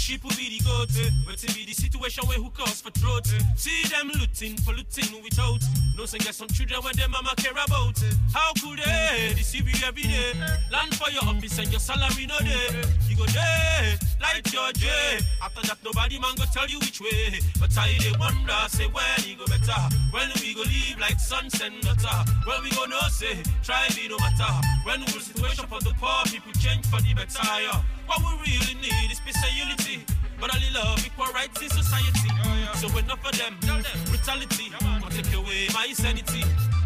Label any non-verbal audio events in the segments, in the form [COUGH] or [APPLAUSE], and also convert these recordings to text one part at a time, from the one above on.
sheep will be the goat. But it be the situation where who calls for throat. Eh. See them looting, polluting without. No sense get some children when their mama care about. Eh. How could they deceive you every day? Land for your office and your salary no day. You go day like your I After that, nobody man go tell you which way. But I they wonder, say when he go better. When we go leave like sunset matter. When we go no say, try me no matter. When will situation for the poor people change for the better? Yeah. What we really need is peace and unity. But only love, equal rights in society. Yeah, yeah. So enough for them. Tell them brutality. Yeah, take away my sanity.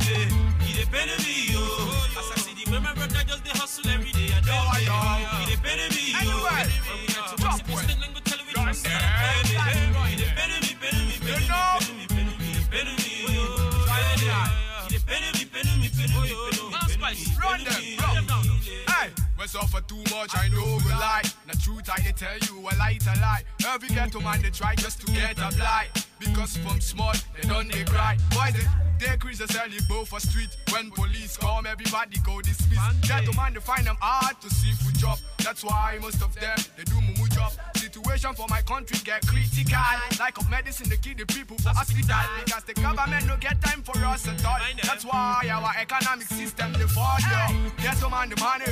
Yeah, it depend on me, yo. As I see the my brother just they hustle every day. I don't yeah, yeah. It depend on me, yo. Anyway, to me them. It me, me, me, me, me, It me, me, me, me. Run them, we suffer too much, I know we lie. The truth I tell you, a lie a lie. Every ghetto man they try just to get a blight because from small they don't they cry. Why they, they crease sell you both for street. When police come, everybody go dismiss. Get to man they find them hard to see for job. That's why most of them they do mumu job. Situation for my country get critical. Like of medicine they kill the people for hospital because the government no get time for us at all. That's why our economic system they fall Get to man the money.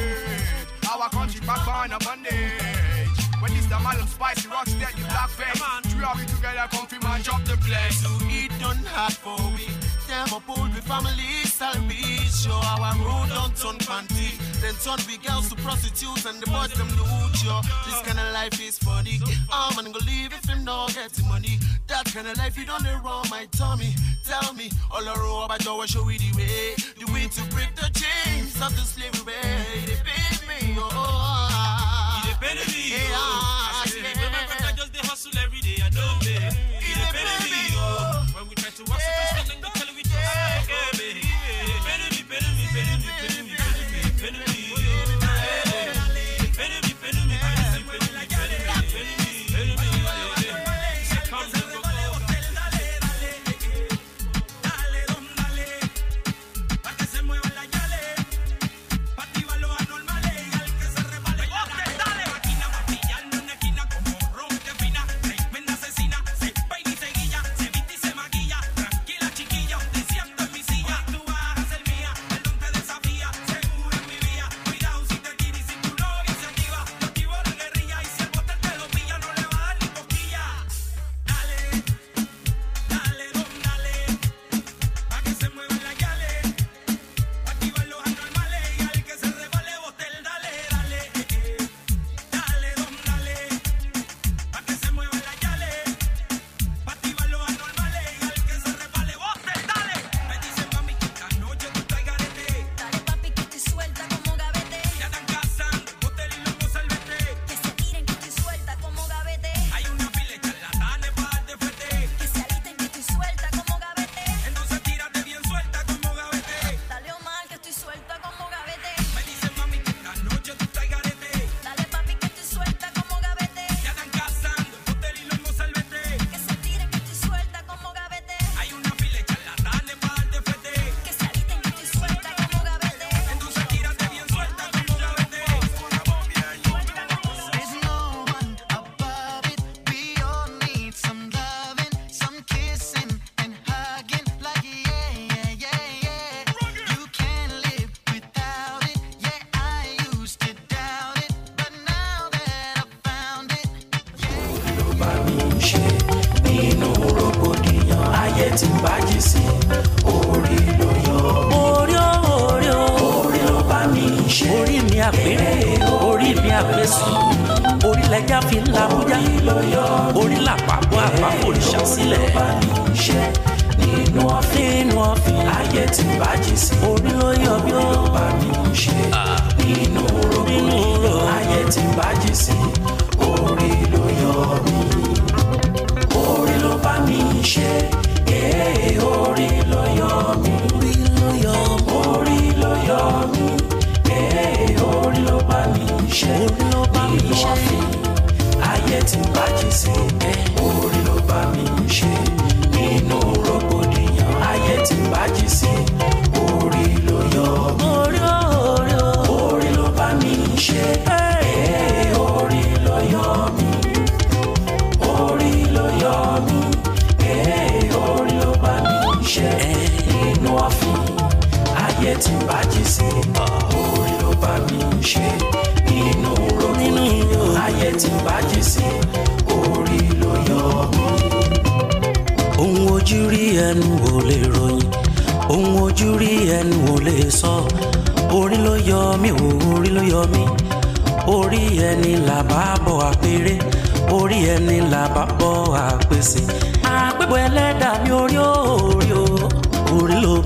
Our country back on a Monday. When it's the malum spicy rocks that you black face. Three of you together come to my job the place. So it don't have for we. Them up all with family salvation. Our road don't turn panty. Then turn we girls to prostitutes and the boys them loot yo. This kind of life is funny. I'm gonna leave if him not getting money. That kind of life you don't run my tummy. Tell me all I row about your show we the way. The way to break the chains of the slavery. They pay me oh.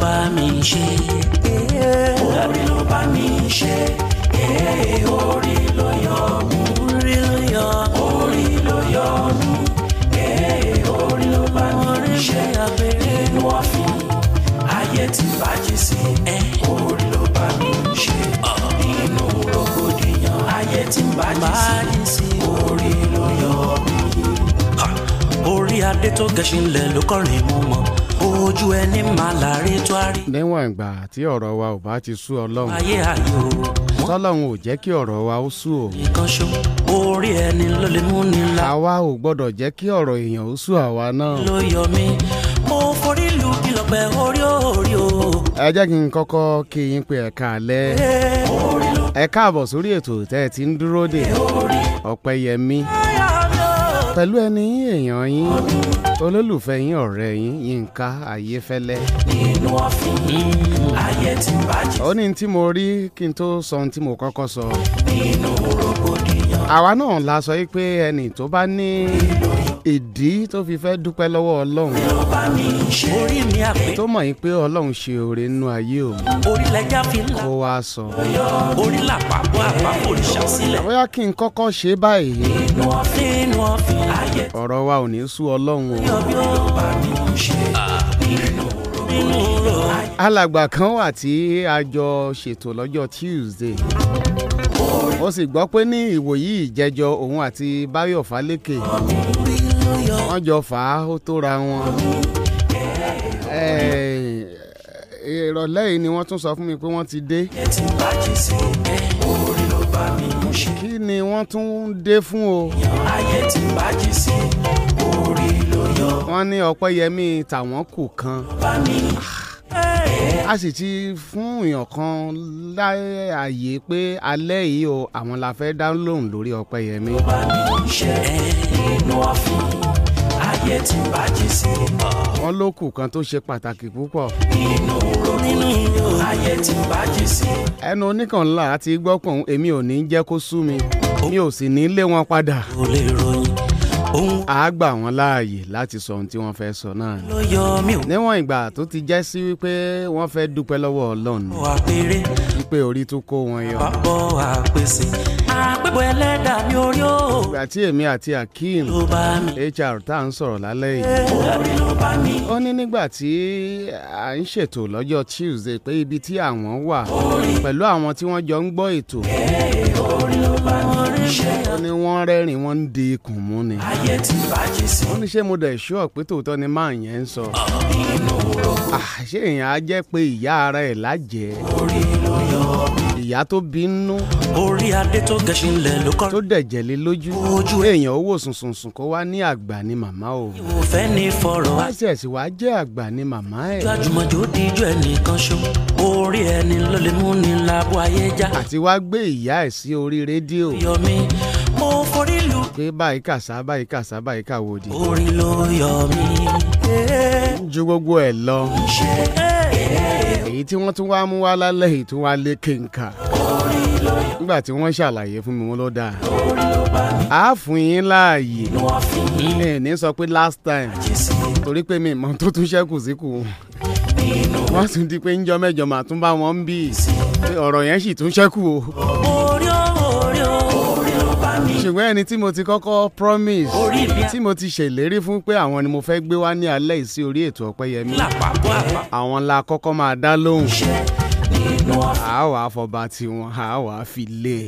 bá mi ṣe orí ló bá mi ṣe orí ló yọ mú orí ló yọ orí ló yọ mú orí ló bá mi ṣe nínú ọ̀fìn ayé ti bàjẹ́ sí orí ló bá mi ṣe nínú rògbòdìyàn ayé ti bàjẹ́ sí orí ló yọ mú. orí adé tó gẹṣin lẹ̀ ló kọrin mú mọ́ ojú ẹni máa láre tó a rí. níwọ̀n ìgbà tí ọ̀rọ̀ wa ò bá ti sú ọlọ́run. tọ́lọ́run ò jẹ́ kí ọ̀rọ̀ wa ó sú o. ìkànṣó orí ẹni ló lè mú ni la. àwa ò gbọ́dọ̀ jẹ́ kí ọ̀rọ̀ èèyàn ó sú àwa náà. ló yọ mí mo forí lu ìlọ̀pẹ̀ orí orí o. ẹ jẹ́ kí n kọ́kọ́ kí yín pé ẹ káalẹ́. ẹ káàbọ̀ sórí ètò tẹ́ ẹ ti ń dúró dè. ọ̀pẹ̀yẹmí pẹ̀lú ẹni èèyàn yín olólùfẹ́ yín ọ̀rẹ́ yín Yínká Ayéfẹ́lẹ́. nínú ọ̀fìn ayé ti bàjẹ́. ó ní tí mo rí kí n tó sọ ohun tí mo kọ́kọ́ sọ. nínú rògbòdìyàn. àwa náà la sọ yìí pé ẹni tó bá ní. nínú ìdí tó fi fẹ́ dúpẹ́ lọ́wọ́ ọlọ́run orí mi àpè tó mọ̀ yín pé ọlọ́run ṣe oore nínú ayé òun orílẹ̀-èdè fi ń lọ kó wá sọ orí làpapọ̀ àpapọ̀ òrìṣà sílẹ̀. bóyá kí n kọ́kọ́ ṣe báyìí ọ̀rọ̀ wa ò ní sú ọlọ́run o alàgbà kan wà tí a jọ ṣètò lọ́jọ́ Tuesday ó sì gbọ́ pé ní ìwòyí ìjẹjọ òun àti Báyọ̀ Fálékè wọ́n jọ fà á ó tó ra wọn ìrọ̀lẹ́ yìí ni wọ́n tún sọ fún mi pé wọ́n ti dé kí ni wọ́n tún ń dé fún o wọ́n ní ọ̀pẹ́yẹmí tàwọn kù kan a sì ti fún èèyàn kan láàyè pé alẹ́ yìí o àwọn la fẹ́ dá lóhùn lórí Ọpẹ́yẹmí. ló bá mi ṣe inú ọ̀fun ayé ti bàjẹ́ sí i mọ́. wọ́n ló kù kan tó ṣe pàtàkì púpọ̀. inú ronú ayé ti bàjẹ́ sí i. ẹnu oníkànlá àti gbọ́kàn èmi ò ní jẹ́ kó sú mi mi ò sì ní lé wọn padà. o lè ròyìn òun. a gbà wọ́n láàyè láti sọ ohun tí wọ́n fẹ́ sọ náà. níwọ̀n ìgbà tó ti jẹ́ sí wípé wọ́n fẹ́ dúpẹ́ lọ́wọ́ ọlọ́run. wípé orí tún kó wọn yọ. àbábọ̀ àpèsè àpébọ̀ ẹlẹ́dà ní orí o. ìgbà tí èmi àti akeem hr tá à ń sọ̀rọ̀ lálẹ́ yìí. ó ní nígbà tí à ń ṣètò lọ́jọ́ tuesday pé ibi tí àwọn wà pẹ̀lú àwọn tí wọ́n jọ ń gbọ́ ètò. orí ló wọ́n ní wọ́n rẹ́rìn wọ́n ń di ikùn mú ni wọ́n ní ṣé mo dẹ̀ ṣọ́ pé tòótọ́ ni máa yẹn ń sọ ah, ṣé èèyàn á jẹ́ pé ìyá ara ẹ̀ lájẹ̀ẹ́ ìyá tó bí nú. orí adé tó gẹṣin lẹ ló kọ́. tó dẹ̀jẹ̀ lé lójú. ojú èèyàn ó sùnsùn sùn kó wá ní àgbà ni màmá o. ìwò fẹ́ ni fọ̀rọ̀. access wàá jẹ́ àgbà ni màmá ẹ̀. ìjọ àjùmọ̀jò di ijó ẹnìkan ṣó orí ẹni ló lè mú ni labo ayé já. àti wá gbé ìyá ẹ̀ sí orí rédíò. yọmi mo forí lu. pé báyìí kàṣá báyìí kàṣá báyìí kàwòdì. orin ló yọ mí. ju gbogbo ẹ̀ lọ. ṣe é èyí tí wọ́n tún wá mú wá lálẹ́ èyí tún wá lé kéńkà nígbà tí wọ́n ṣàlàyé fún mi wọ́n ló dáa a fún yín láàyè ẹ ní sọ pé last time torí pé mi ìmọ̀ tó tún ṣẹ́kù síkù wọ́n tún di pé ń jọ mẹ́jọ màá tún bá wọn ń bì ọ̀rọ̀ yẹn sì tún ṣẹ́kù o ṣùgbọ́n ẹni tí mo ti kọ́kọ́ promise tí mo ti ṣèlérí fún pé àwọn ni mo fẹ́ gbé wá ní alẹ́ ìsí orí ètò ọ̀pẹ́yẹmí àwọn la kọ́kọ́ máa dá lóhùn a wà á fọba tiwọn a wà á fi lé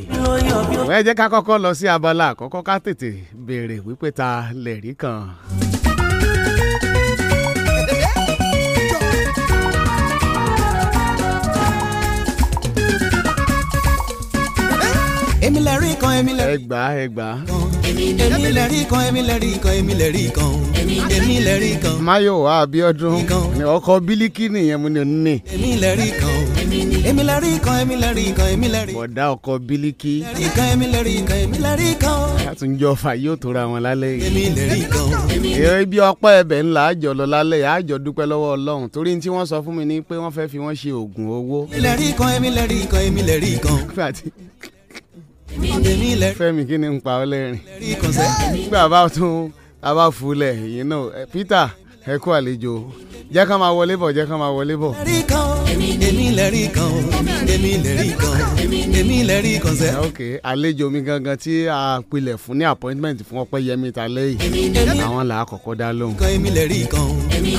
e ẹ jẹ́ ká kọ́kọ́ lọ sí abala àkọ́kọ́ ká tètè béèrè wípé ta lẹ̀rí kan. kan emi lè rí kan. emi ẹgbàá. èmi lè rí kan emi lè rí kan emi lè rí kan èmi lè rí kan. Máyọ̀wá Abíọ́dún ni ọkọ bílíkì nìyẹn mo ní ní. èmi lè rí kan èmi lè rí kan èmi lè rí kan èmi lè rí. bọ̀dá ọkọ bílíkì. èmi emi rí kan èmi lè rí kan. àtúnjọ fà yóò tóra wọn lálẹ́ yìí. èmi lè rí kan. ibi ọpẹ́ ẹ̀bẹ̀ ńlá àjọ lọ lálẹ́ yìí àjọ dúpẹ́ lọ́wọ́ Ọlọ́run torí tí wọ́n sọ fún mi ni pé wọ́n fẹ́ fi wọ́n ṣe oògùn owó. èmi lè rí kan èmi lè rí kan èmi lè rí kan fẹ́mi kí ni ń pa ọ́ lẹ́rìn-ín tún a yìí náà eh, Peter ẹ kú àlejò jẹ́ ká máa wọlé bọ̀ jẹ́ ká máa wọlé bọ̀. èmi lẹ́rìí kan èmi lẹ́rìí kan èmi lẹ́rìí kan sẹ́. Ah, ok àlejò mi gangan tí a pilẹ̀ fún ní appointment fún Ọpẹ́yẹmí ta lẹ́yìn àwọn là á kọ́kọ́ dá lóhùn. èmi lẹ́rìí kan èmi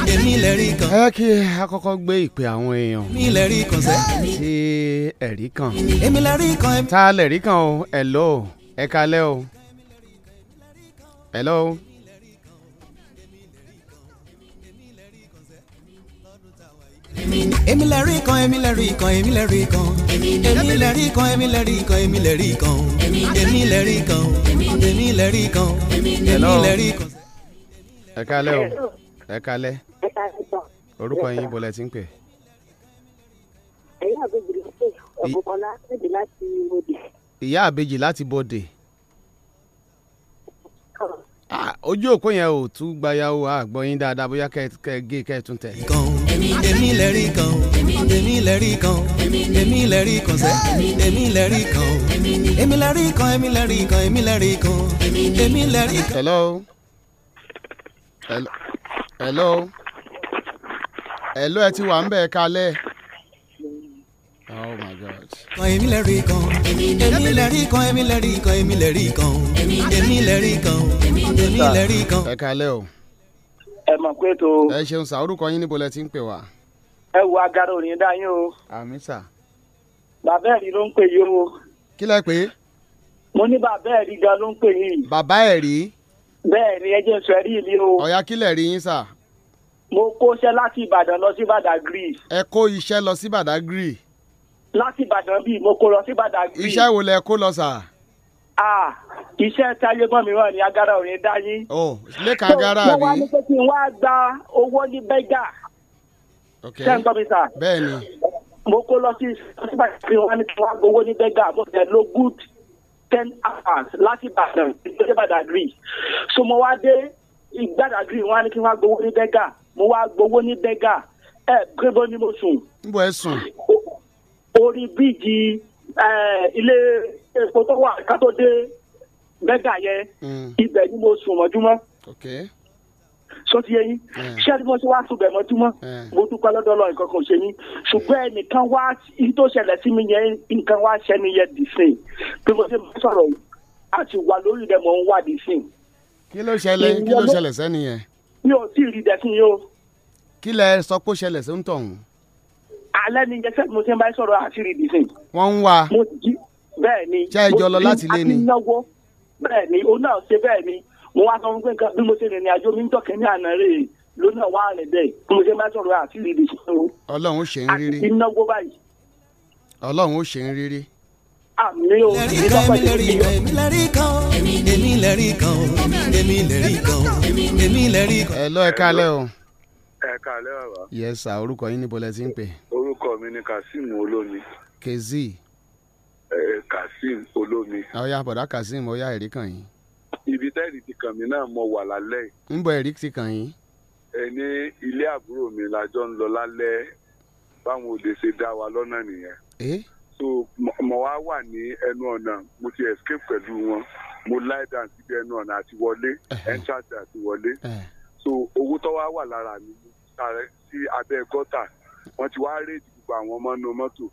lẹ́rìí kan. ẹ kí a gbé ìpè àwọn èèyàn. èmi lẹ́rìí kan sẹ́. ṣé ẹ̀rí kan. èmi lẹ́rìí kan. ta lẹ́rìí kan o hello ẹ kalẹ́ o hello. hello? èmi lè rí kan èmi lè rí kan èmi lè rí kan èmi lè rí kan èmi lè rí kan èmi lè rí kan èmi lè rí kan èmi lè rí kan èmi lè rí kan. ẹ kálẹ́ o ẹ kálẹ́ orúkọ yín bọ́lẹ̀ tí ń pè. ẹ̀yà àbèjì láti ọ̀bùnkànlá àbèjì láti bòdè. ìyá àbèjì láti bòdè. Ah, ojú òpó yẹn ò tún gbayàwó àgbọ̀yìn dáadáa bóyá kẹ́ẹ̀ gé kẹ́ẹ̀ tún tẹ̀ èmi lè rí kan èmi lè rí kan èmi lè kan sẹ́ èmi lè rí kan èmi lè kan èmi lè kan èmi lè kan èmi lè kan. hello hello hello ẹ ti wà ń bẹ̀ kalẹ̀. Oh my God. Èmi lè kan, èmi lè kan, èmi lè kan, èmi lè kan, èmi lè kan, èmi lè kan. Ẹ kalẹ́ o ẹ mọ̀ pé tó. ẹ ṣeun sá orúkọ yín níbo lẹ ti ń pè wá. ẹ wo agara òní dá yín o. àmì sà. bàbá ẹ̀rí ló ń pè yín o. kí lẹ pé. mo ní bàbá ẹ̀rí gan ló ń pè yín. bàbá ẹ̀rí. bẹ́ẹ̀ ni ẹ jẹ́ sọ ẹ̀rí mi o. ọ̀ya kí lẹ̀ rí yín sà. mo kóṣẹ́ láti ìbàdàn lọ sí badagry. ẹ kó iṣẹ́ lọ sí badagry. láti ìbàdàn bíi mo kó lọ sí badagry. iṣẹ́ wo lẹ kó lọ sà. ah iṣẹ́ táyébọ́n mi wà ní agara òní dáyé. ọ lẹ́ka agara àbí. wọ́n wá ní pé kí n wá gba owó ní bẹ́gà. ok sẹ́ńtọ́ mi sà. bẹ́ẹ̀ni. mo kó lọ sí sípà tí wọ́n ní kí n wá gbowó ní bẹ́gà mo fẹ́ lo good ten hours láti Ìbàdàn ìgbésẹ̀ Badagry. so mo wá dé ìgbàdàgìrì wọ́n ní kí n wá gbowó ní bẹ́gà mo wá gbowó ní bẹ́gà ẹ gbébọn ni mo sùn. n bọ ẹ sùn. orí bíjì ilé epo tó wà kátó dé mẹ́gà yẹn hmm. ibẹ̀ ni mo sùn mọ́júmọ́ sọtí yẹn yín hmm. ṣé ẹni mo ṣe wá sùn bẹ̀ mọ́júmọ́ hmm. mo dúpẹ́ lọ́dọ̀ lọ nǹkan kan ṣe yín ṣùgbọ́n ẹnìkan wá yìí tó ṣẹlẹ̀ sí mi yẹn nǹkan wá ṣẹ́ni yẹn dì sí pé mo ṣe máa sọ̀rọ̀ àti wà lórí rẹ̀ mọ̀ ń wà dì sí. kí ló ṣẹlẹ̀ kí ló ṣẹlẹ̀ sẹ́ni yẹn. mi ò tí ì rí yìí o. kí lẹ sọ pé ó ṣẹlẹ̀ sí ń tọ̀hún. alẹ́ ni jẹ́sẹ̀ mo ṣe máa sọ̀rọ̀ àti rí dì wọ́n ń wá. bẹ́ẹ̀ ni. ṣé ti bẹ́ẹ̀ ni òun náà ṣe bẹ́ẹ̀ ni mo wá sọ fún pé bí mo ṣe rìnrìn àjò mi ń tọ́kẹ́ ní àná rè é lónà wà rẹ̀ bẹ́ẹ̀ bí mo ṣe máa sọ̀rọ̀ àti rìndì sọ̀rọ̀. ọlọ́run ó ṣe ń rírí. àti náwó báyìí. ọlọ́run ó ṣe ń rírí. àmì o ìlọ́pàá ti rí o. èmi lẹ́rí kan o èmi lẹ́rí kan o èmi lẹ́rí kan o èmi lẹ́rí kan o. ẹ lọ ẹ kálẹ́ o ẹ káalẹ́ bàbá. yẹ́sà orúkọ yín níbo lẹ ti ń pè. orúkọ mi ni kazeem olómi. kezi. Eh, kazeem olómi. olomi. Ah, bọ̀dá kazeem ọ̀ya ẹ̀rí kàn ibi tẹ́ẹ̀rì ti kàn mí náà mo wà lálẹ́. ń bọ ẹ̀rí ti kàn yín. ẹ mi lájọ ń lọ lálẹ́ báwọn òde ṣe dá wa lọ́nà nìyẹn. Eh? so mo wá wà ní ẹnu ọ̀nà mo ti escape pẹ̀lú wọn mo lie down síbi ẹnu ọ̀nà àti wọlé entrance àti wọlé so owó tó wá wà lára mi sáré sí abẹ́ gọ́tà wọ́n ti wá gbogbo àwọn ọmọ inú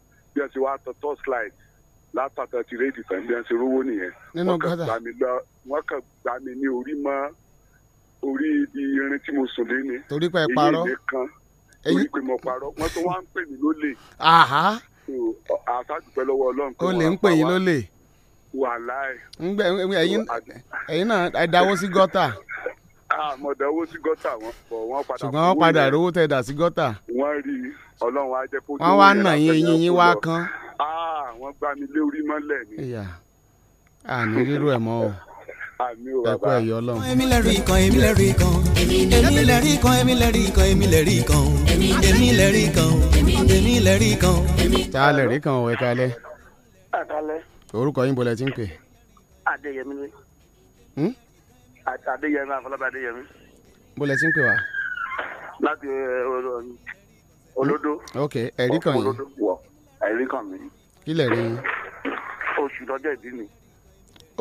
látàtà ti rédì tàbí ẹnṣẹ rówó nìyẹn wọ́n kàn gbá mi ní orí mọ́ orí irin tí mo sùn lé ni torí pé ẹ parọ́ èyí nìkan torí pé mo parọ́ wọ́n tó wá ń pè mí lólè. àtàdùpẹ́ lọ́wọ́ ọlọ́run pé wọ́n pa wá. o lè ń pè yín lólè. wàhálà ẹ̀. ẹ̀yin náà ẹ dáwọ́ sí gọ́tà àmọ̀dà owó sí gọ́tà wọn bọ̀ wọ́n padà. ṣùgbọ́n wọ́n padà rówó tẹ̀ dà sí gọ́tà. wọ́n rí ọlọ́run á jẹ́ kó tó. wọ́n wá nà yín eyín yín wá kán. wọ́n gbá mi lé orí mọ́lẹ̀ ni. àní rírú ẹ̀ mọ́ o ẹkọ ẹyọ Ọlọ́run. èmi lè rí kan èmi lè rí kan èmi lè rí kan èmi lè rí kan èmi lè rí kan èmi lè rí kan èmi lè rí kan. tá lè rí kan ọ̀ ẹ̀ka alẹ́. orúkọ yín bọ̀lẹ̀ tí ń pè. adéyẹmí adéyẹmí afọlábí adéyẹmí. bó lẹ ti ń pè wá. láti eh, olódó. ok ẹ̀rí kan yìí. ẹ̀rí kan mi. kí lè rí yín. oṣù lọ́jọ́ ìbí mi.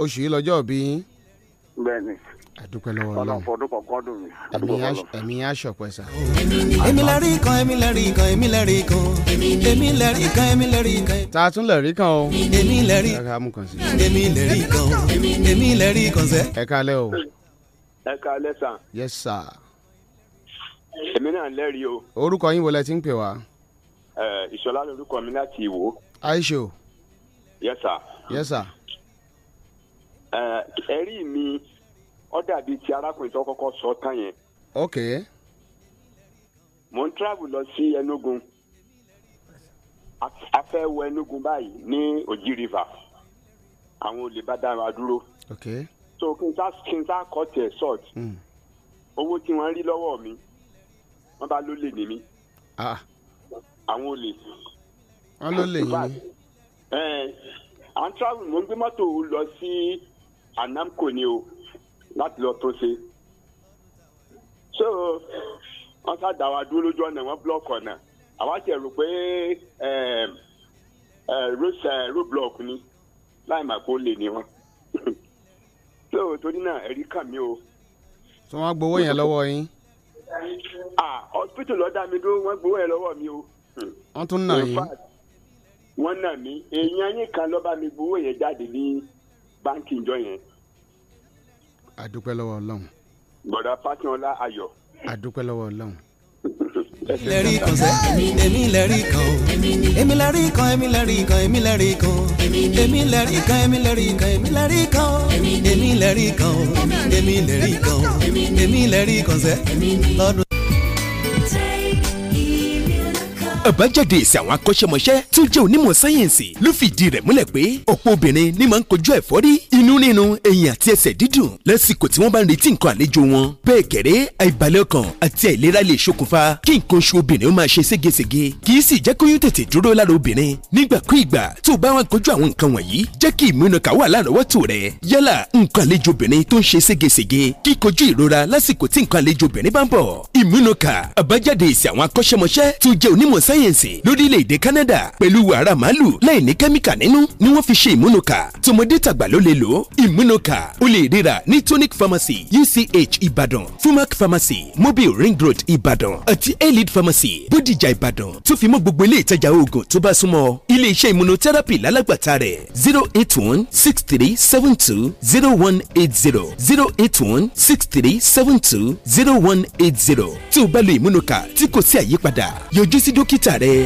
oṣù yìí lọ́jọ́ ìbí yín. bẹ́ẹ̀ni. àdúpẹ́ lọ́wọ́ ọlọ́run ọlọ́fọdún kọ̀ọ̀kan dùn mí. ẹ̀mí yá ṣọ̀pẹ́ sà. èmi lè rí kan èmi lè rí kan èmi lè rí kan èmi lè rí kan èmi lè rí kan. ta tún lè rí kan o. èmi lè rí kan èmi lè rí kan èmi lè rí kan sẹ́. ẹ kálẹ́ o ẹ ká lẹ́sà. yes sir. èmi náà lẹ́rìí o. orúkọ yín wo lẹ ti ń pè wá. ẹ ìṣọlá lorúkọ mi láti ìwò. aisho. yes sir. yes sir. ẹ ẹ̀rí mi ó dàbí ti arákùnrin tó kọ́kọ́ sọ tán yẹn. ok. mo ń travel lọ sí Enugu a fẹ́ wọ Enugu báyìí ní Oji River àwọn olè bá dára dúró. okay so kí n sá kí n sá kọ́ tiẹ̀ short hmm. owó tí wọ́n rí lọ́wọ́ mi wọ́n bá ló lè ní mi ah. àwọn olè. wọ́n ló lè yín ni. à ń travel mo ń gbé mọ́tò lọ sí Anamco ni o láti lọ tó ṣe so wọ́n sá dá wa dúró lójú ọ̀nà wọ́n búlọ̀kì ọ̀nà àwa ti rò pé roadblock ni láì mà kó lè ní wọn. [LAUGHS] so torí náà ẹ̀rí kàn mí o. so wọ́n gbowó yẹn lọ́wọ́ yín. ah hospital lọ́dà mi dúró wọ́n gbowó yẹn lọ́wọ́ mi o. Hmm. wọ́n tún nà yín. wọ́n nà mí èèyàn yín kan lọ́ba mi gbowó yẹn jáde ní báńkì ìjọ yẹn. àdúpẹ́ lọ́wọ́ ọlọ́run. bọ̀dá fásitì ayọ̀. àdúpẹ́ lọ́wọ́ ọlọ́run èmi lè rí kan sẹ́ èmi lè rí kan o èmi lè rí kan èmi lè rí kan èmi lè rí kan o èmi lè rí kan èmi lè rí kan èmi lè rí kan o èmi lè rí kan o èmi lè rí kan o èmi lè rí kan sẹ́ lọ́dún. àbájáde èsì àwọn akọ́ṣẹ́mọṣẹ́ tó jẹ́ onímọ̀ sáyẹ̀nsì ló fìdí rẹ̀ múlẹ̀ pé ọ̀pọ̀ obìnrin ni máa ń kojú ẹ̀fọ́rí inú nínú ẹ̀yìn àti ẹsẹ̀ dídùn lásìkò tí wọ́n bá ń retí nǹkan àlejò wọn bẹ́ẹ̀ kẹ̀rẹ́ àìbalẹ̀ ọkàn àti àìlera lè ṣokùnfà kí nǹkan oṣù obìnrin máa ṣe ségesège kì í sì jẹ́ kóyún tètè dúró lára obìnrin nígbàkúìgbà tó o bá wọn kojú àwọn nǹkan wọ̀nyí jẹ́ kí ìmúnaka wà lárọ̀ọ́wọ́tò rẹ̀ yálà nǹkan àlejò obìnrin tó ń ṣe ségesège kíkojú ìrora lásìkò tí nǹkan àlejò sáyẹ̀nsì lórílẹ̀‐èdè Canada pẹ̀lú wàrà màálù láì ní kẹ́míkà nínú ni wọ́n fi ṣe ìmúnuka tọmọdé tàgbà ló lè lò ó ìmúnuka o lè ríra ní tonic pharmacy UCH Ìbàdàn Fumac pharmacy Mobile Ring Road Ìbàdàn àti elite pharmacy Bódìjà Ìbàdàn tó fi mọ́ gbogbo ilé ìtajà oògùn tó bá súnmọ́ ilé iṣẹ́ lálágbàtà rẹ̀ zero eight one six three seven two zero one eight zero zero eight one six three seven two zero one eight zero tí o bá lo ìmúnuka tí kò sí àyípadà yọjú sí dókítà escucharé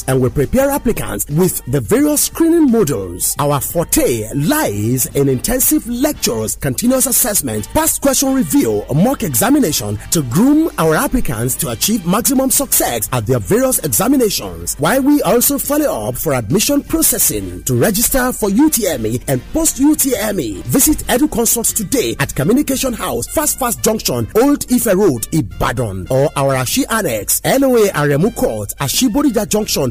and we prepare applicants with the various screening modules. Our forte lies in intensive lectures, continuous assessment, past question review, mock examination to groom our applicants to achieve maximum success at their various examinations. While we also follow up for admission processing to register for UTME and post UTME, visit Educonsults today at Communication House, Fast Fast Junction, Old Ife Road, Ibadan, or our Ashi Annex, Noa Aremu Court, Ashibodija Junction,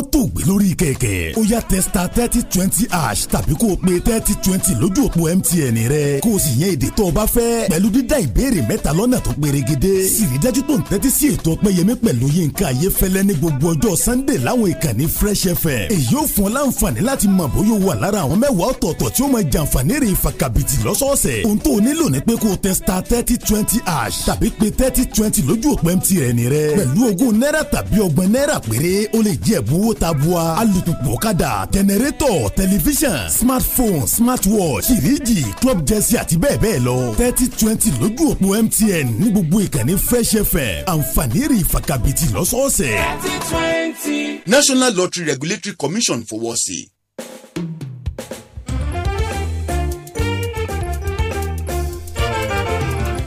mọ́tò gbé lórí kẹ̀kẹ́ ó yá testa thirty twenty ash tàbí kó o pe thirty twenty lójú òpó MTN rẹ kó o sì yẹn èdè tó o bá fẹ́ pẹ̀lú dídá ìbéèrè mẹ́ta lọ́nà tó perégedé sì rí dájú tó ń tẹ́tí sí ètò ọpẹ́yẹmí pẹ̀lú yínká ayéfẹ́lẹ́ ní gbogbo ọjọ́ Sunday láwọn ìkànnì Fresh FM èyí ó fún ọ láǹfààní láti mọ bóyá o wà lára àwọn mẹ́wàá ọ̀tọ̀ọ̀tọ̀ tí ó máa jàǹfààní rè fàkàbìtì lọ́sọ̀ọ̀sẹ̀ owó tabua alùpùpù kàdà tẹnẹrétọ̀ tẹlifíṣàn smartphone smartwatch fìríjì club jẹ́sí àti bẹ́ẹ̀ bẹ́ẹ̀ lọ thirty twenty lójú òpó MTN ní gbogbo ìkànnì Fresh FM àǹfààní rí ìfakabìtì lọ́sọ̀ọ̀sẹ̀. thirty twenty. National Lottery Regulatory Commission fowọ́ sí i.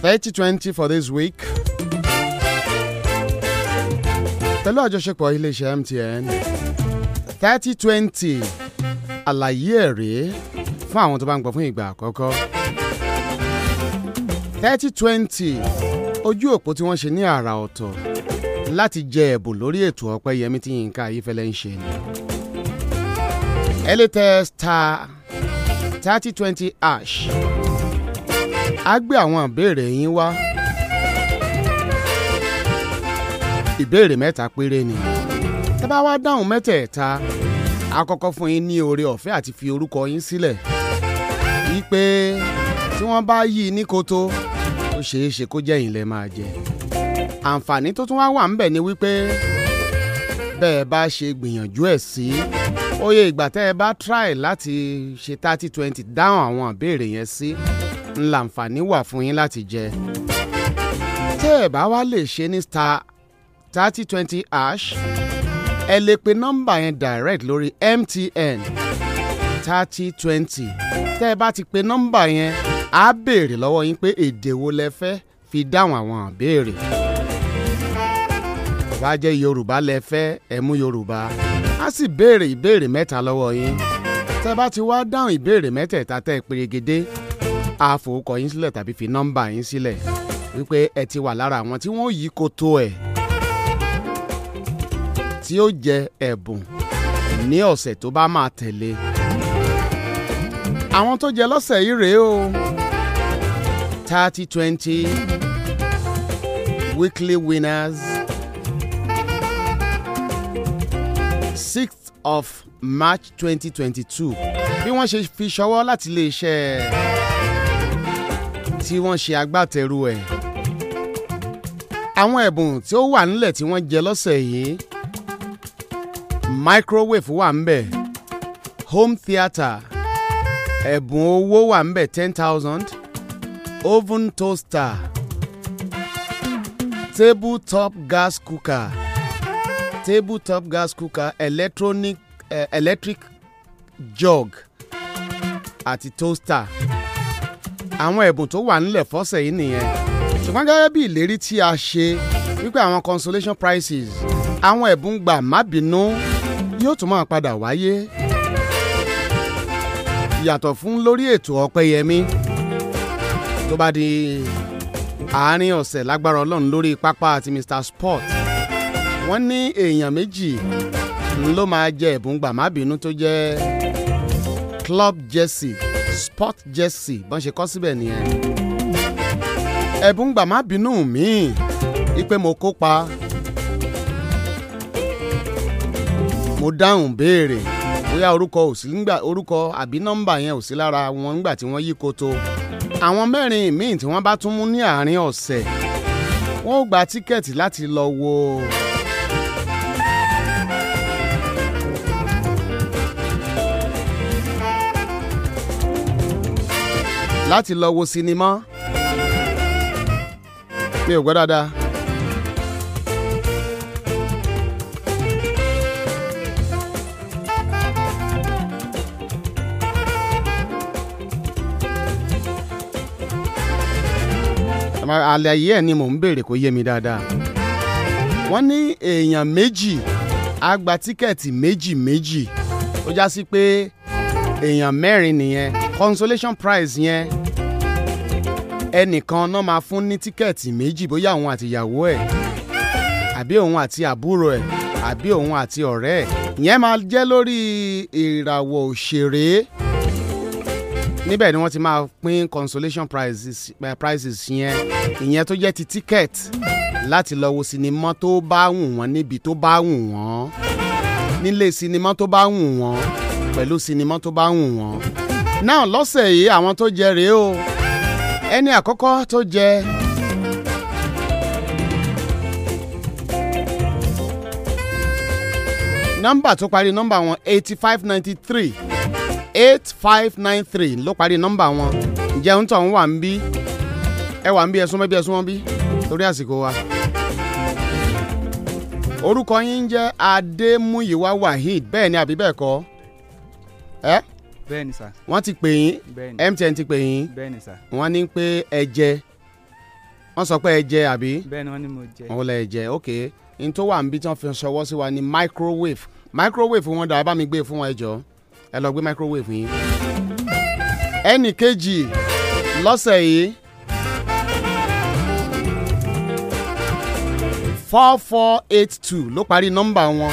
Thirty twenty for this week. pẹ̀lú àjọṣepọ̀ iléeṣẹ́ MTN thirty twenty àlàyé ẹ̀ rèé fún àwọn tó bá ń gbọ́ fún ìgbà àkọ́kọ́ thirty twenty ojú òpó tí wọ́n ṣe ní àrà ọ̀tọ̀ láti jẹ ẹ̀bùn lórí ètò ọpẹ́ yẹmí tí Yínká Ayífẹ́lẹ́ ń ṣe ni ẹ star thirty twenty ash á gbé àwọn ìbéèrè yín wá. ìbéèrè mẹ́ta péré ni tẹ́ bá wá dáhùn mẹ́tẹ̀ẹ̀ta àkọ́kọ́ fún yín ní oore ọ̀fẹ́ àti fi orúkọ yín sílẹ̀ wípé tí wọ́n bá yí ní koto ó ṣeé ṣe kó jẹ́ ìyìnlẹ̀ máa jẹ àǹfààní tó tún wá wà ńbẹ̀ ni wípé bẹ́ẹ̀ bá ṣe gbìyànjú ẹ̀ sí oye ìgbà tẹ́ ẹ bá try láti ṣe thirty twenty dáhùn àwọn ìbéèrè yẹn sí ńlá àǹfààní wà fún yín láti jẹ tẹ́ ẹ bá wá lè ṣe ní star thirty twenty ash, ẹ lè pe nọ́mbà yẹn direct lórí MTN thirty twenty tẹ́ ẹ bá ti pe nọ́mbà yẹn á béèrè lọ́wọ́ yín pé èdè wo lẹ fẹ́ fi dáhùn àwọn ìbéèrè tó bá jẹ́ Yorùbá lẹ fẹ́ ẹ mú Yorùbá á sì béèrè ìbéèrè mẹ́ta lọ́wọ́ yín tẹ́ ẹ bá ti wá dáhùn ìbéèrè mẹ́tẹ̀ẹ̀ta tẹ́ ẹ perégedé á fòókọ yín sílẹ̀ tàbí fi nọ́mbà yín sílẹ̀ wípé ẹ ti wà lára àwọn tí wọ́n yí koto ẹ̀. E tí ó jẹ ẹ̀bùn ní ọ̀sẹ̀ tó bá máa tẹ̀lé àwọn tó jẹ lọ́sẹ̀ yìí rèé o thirty twenty weekly winners sixth of March twenty twenty two bí wọ́n ṣe fi ṣọwọ́ láti iléeṣẹ́ tí wọ́n ṣe agbátẹrù ẹ̀ àwọn ẹ̀bùn tí ó wà nílẹ̀ tí wọ́n jẹ lọ́sẹ̀ yìí microwave wà ń home theatre ẹ̀bùn owó wà ń ten thousand oven toaster table top gas cooker table top gas cooker electronic uh, electric jug àti toaster àwọn ẹ̀bùn tó wà nílẹ̀ fọ́sẹ̀ yìí nìyẹn ṣùgbọ́n gẹ́gẹ́ bí ìlérí tí a ṣe wípé àwọn consolation prices. àwọn ẹ̀bùn gbà má bínú. No yóò tún máa padà wáyé yàtọ̀ fún lórí ètò ọ̀pẹ́yẹmí tó bá di àárín ọ̀sẹ̀ lágbára ọlọ́run lórí pápá àti Mr Sport wọ́n ní èèyàn méjì ló máa jẹ ẹ̀bùn gbàmábìínú tó jẹ́ club jersey sport jersey bọ́n ṣe kọ́ síbẹ̀ nìyẹn ẹ̀bùn gbàmábìínú míì ipe mo kópa mo dáhùn béèrè bóyá orúkọ ò sí nígbà orúkọ àbí nọ́mbà yẹn ò sí lára wọn nígbà tí wọ́n yí koto àwọn mẹ́rin míì tí wọ́n bá tún mú ní àárín ọ̀sẹ̀ wọ́n ó gba tíkẹ́ẹ̀tì láti lọ wo. láti lọ wo sinimá mi ò gbọ́ dáadáa. àlàyé ẹ̀ ni mò ń béèrè kó yé mi dáadáa wọ́n ní èèyàn méjì á gba tíkẹ́ẹ̀tì méjì méjì ó já sí pé èèyàn mẹ́rin nìyẹn consolation prize yẹn ẹnìkan náà máa fún ní tíkẹ́ẹ̀tì méjì bóyá òun àti ìyàwó ẹ̀ àbí òun àti àbúrò ẹ̀ àbí òun àti ọ̀rẹ́ ẹ̀ ìyẹn máa jẹ́ lórí ìràwọ̀ òṣèré níbẹ̀ ni wọ́n ti máa pín consolation prizes eh, prizes yẹn ìyẹn tó jẹ́ ti ticket láti lọ wo sinimá tó bá wù wọ́n níbi tó bá wù wọ́n nílé sinimá tó bá wù wọ́n pẹ̀lú sinimá tó bá wù wọ́n. náà lọ́sẹ̀ yìí àwọn tó jẹ rèé o ẹni àkọ́kọ́ tó jẹ nọ́mbà tó parí nọ́mbà wọn eighty five ninety three eight five nine three ló parí nọ́mbà wọn ǹjẹ́ ń tọ̀ ń wà ń bí ẹ wà ń bí ẹ̀sùn mẹ́bí ẹ̀sùn wọn bí torí àsìkò wa. orúkọ yín ń jẹ́ adémúyíwá waheed bẹ́ẹ̀ ni àbí bẹ́ẹ̀ kọ́ ẹ́. bẹ́ẹ̀ ni sà. wọ́n ti pè yín mtn ti pè yín bẹ́ẹ̀ ni sà. wọ́n ní pé ẹ jẹ wọ́n sọ pé ẹ jẹ àbí. bẹ́ẹ̀ ni wọ́n lẹ jẹ ok n tó wà ń bí tí wọ́n fi ṣọwọ́ sí wa ni microwave microwave wọn dà ẹ bá mi gbé e fún wọn ẹ jọ ẹ lọ gbé microwave yín. ẹnì kejì lọ́sẹ̀ yìí four four eight two ló parí nọ́mbà wọn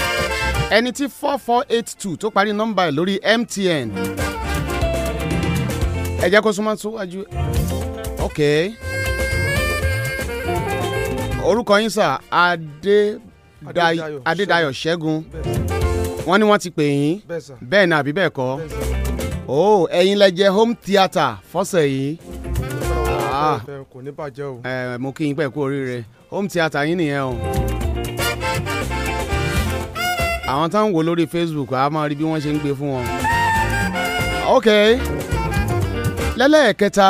ẹni tí four four eight two tó parí nọ́mbà ẹ̀ lórí MTN ẹ jẹ́ kó súnmọ́ síwájú ok orúkọ yín sà Adédayọ̀ Ṣẹ́gun. Adé wọ́n ní wọ́n ti pè yín bẹ́ẹ̀ ni àbí bẹ́ẹ̀ kọ́ o ẹ̀yin lẹ jẹ́ home theatre fọ́sẹ̀ yìí. Ah. kò ní bàjẹ́ o. ẹ mo kí yín pẹ̀ kú oríire home theatre yín nìyẹn o. àwọn táwọn wò lórí Facebook a máa rí bí wọ́n ṣe ń gbé fún wọn. ok lẹ́lẹ́ẹ̀kẹta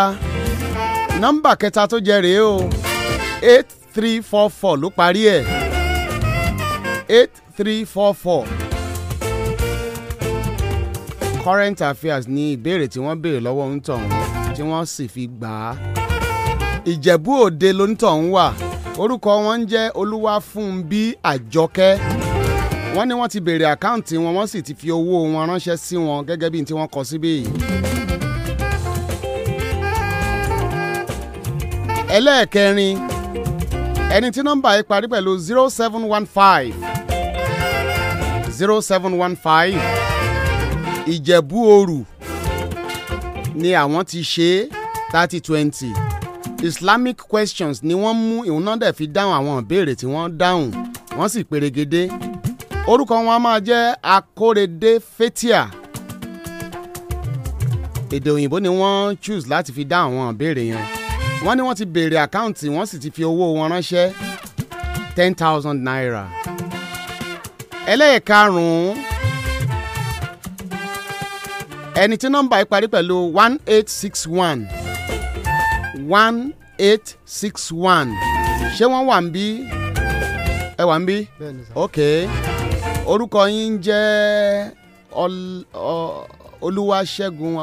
nọ́mbà kẹta tó jẹ rèé o eight three four four ló parí ẹ̀ eight three four four current affairs ni ìbéèrè tí wọ́n béèrè lọ́wọ́ onítọ̀hún tí wọ́n sì fi gbà á. ìjẹ̀bú òde lónítọ̀hún wà orúkọ wọn ń jẹ́ olúwafúnbí àjọkẹ́ wọ́n ní wọ́n ti béèrè àkáǹtì wọn wọ́n sì ti fi owó wọn ránṣẹ́ sí wọn gẹ́gẹ́ bíi tí wọ́n kọ síbí yìí. ẹlẹ́ẹ̀kẹrin ẹni tí nọ́mbà yìí parí pẹ̀lú zero seven one five zero seven one five ìjẹ̀bú òru ni àwọn ti ṣe thirty twenty islamic questions ni wọ́n mú ìhun náà dẹ̀ fi dáhùn àwọn ìbéèrè tí wọ́n dáhùn wọ́n sì pèrègede orúkọ wọn a máa jẹ́ akórèdé fetia èdè òyìnbó ni wọ́n choose láti fi dá àwọn ìbéèrè yẹn wọ́n ní wọ́n ti béèrè àkáǹtì wọ́n sì ti fi owó wọn ránṣẹ́ ten thousand naira ẹlẹ́ẹ̀karùn-ún ẹni tí nọ́mbà yìí parí pẹ̀lú one eight six one one eight six one ṣé wọ́n wà ń bí ẹ wà ń bí ok orúkọ yín ń jẹ́ Olúwaṣẹ́gun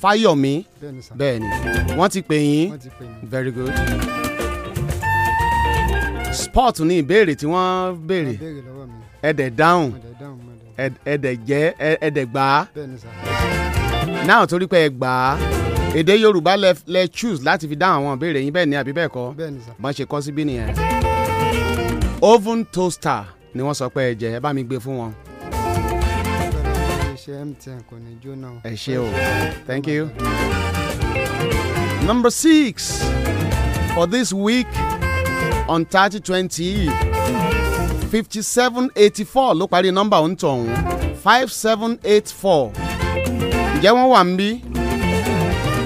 Fáyọ̀mí bẹ́ẹ̀ ni wọ́n ti pè yín very good sport ni ìbéèrè tí wọ́n béèrè ẹ dáhùn ẹ̀ẹ́dẹ̀ jẹ́ ẹ̀ẹ́dẹ̀ gbà á náà torí pé ẹ gbà á èdè Yorùbá lẹ lẹ choose láti fi dáhùn àwọn ìbéèrè yín bẹ́ẹ̀ ni àbí bẹ́ẹ̀ kọ́ bọ́n ṣe kọ́ síbí nìyẹn oven toaster ni wọ́n sọ pé ẹ jẹ ẹ bá mi gbé fún wọn ṣe mtn ẹ ṣe o thank you. number six for this week on thirty twenty fifty seven eighty four ló parí nọ́mbà òǹtọ̀hún five seven eight four ǹjẹ́ wọ́n wà ń bí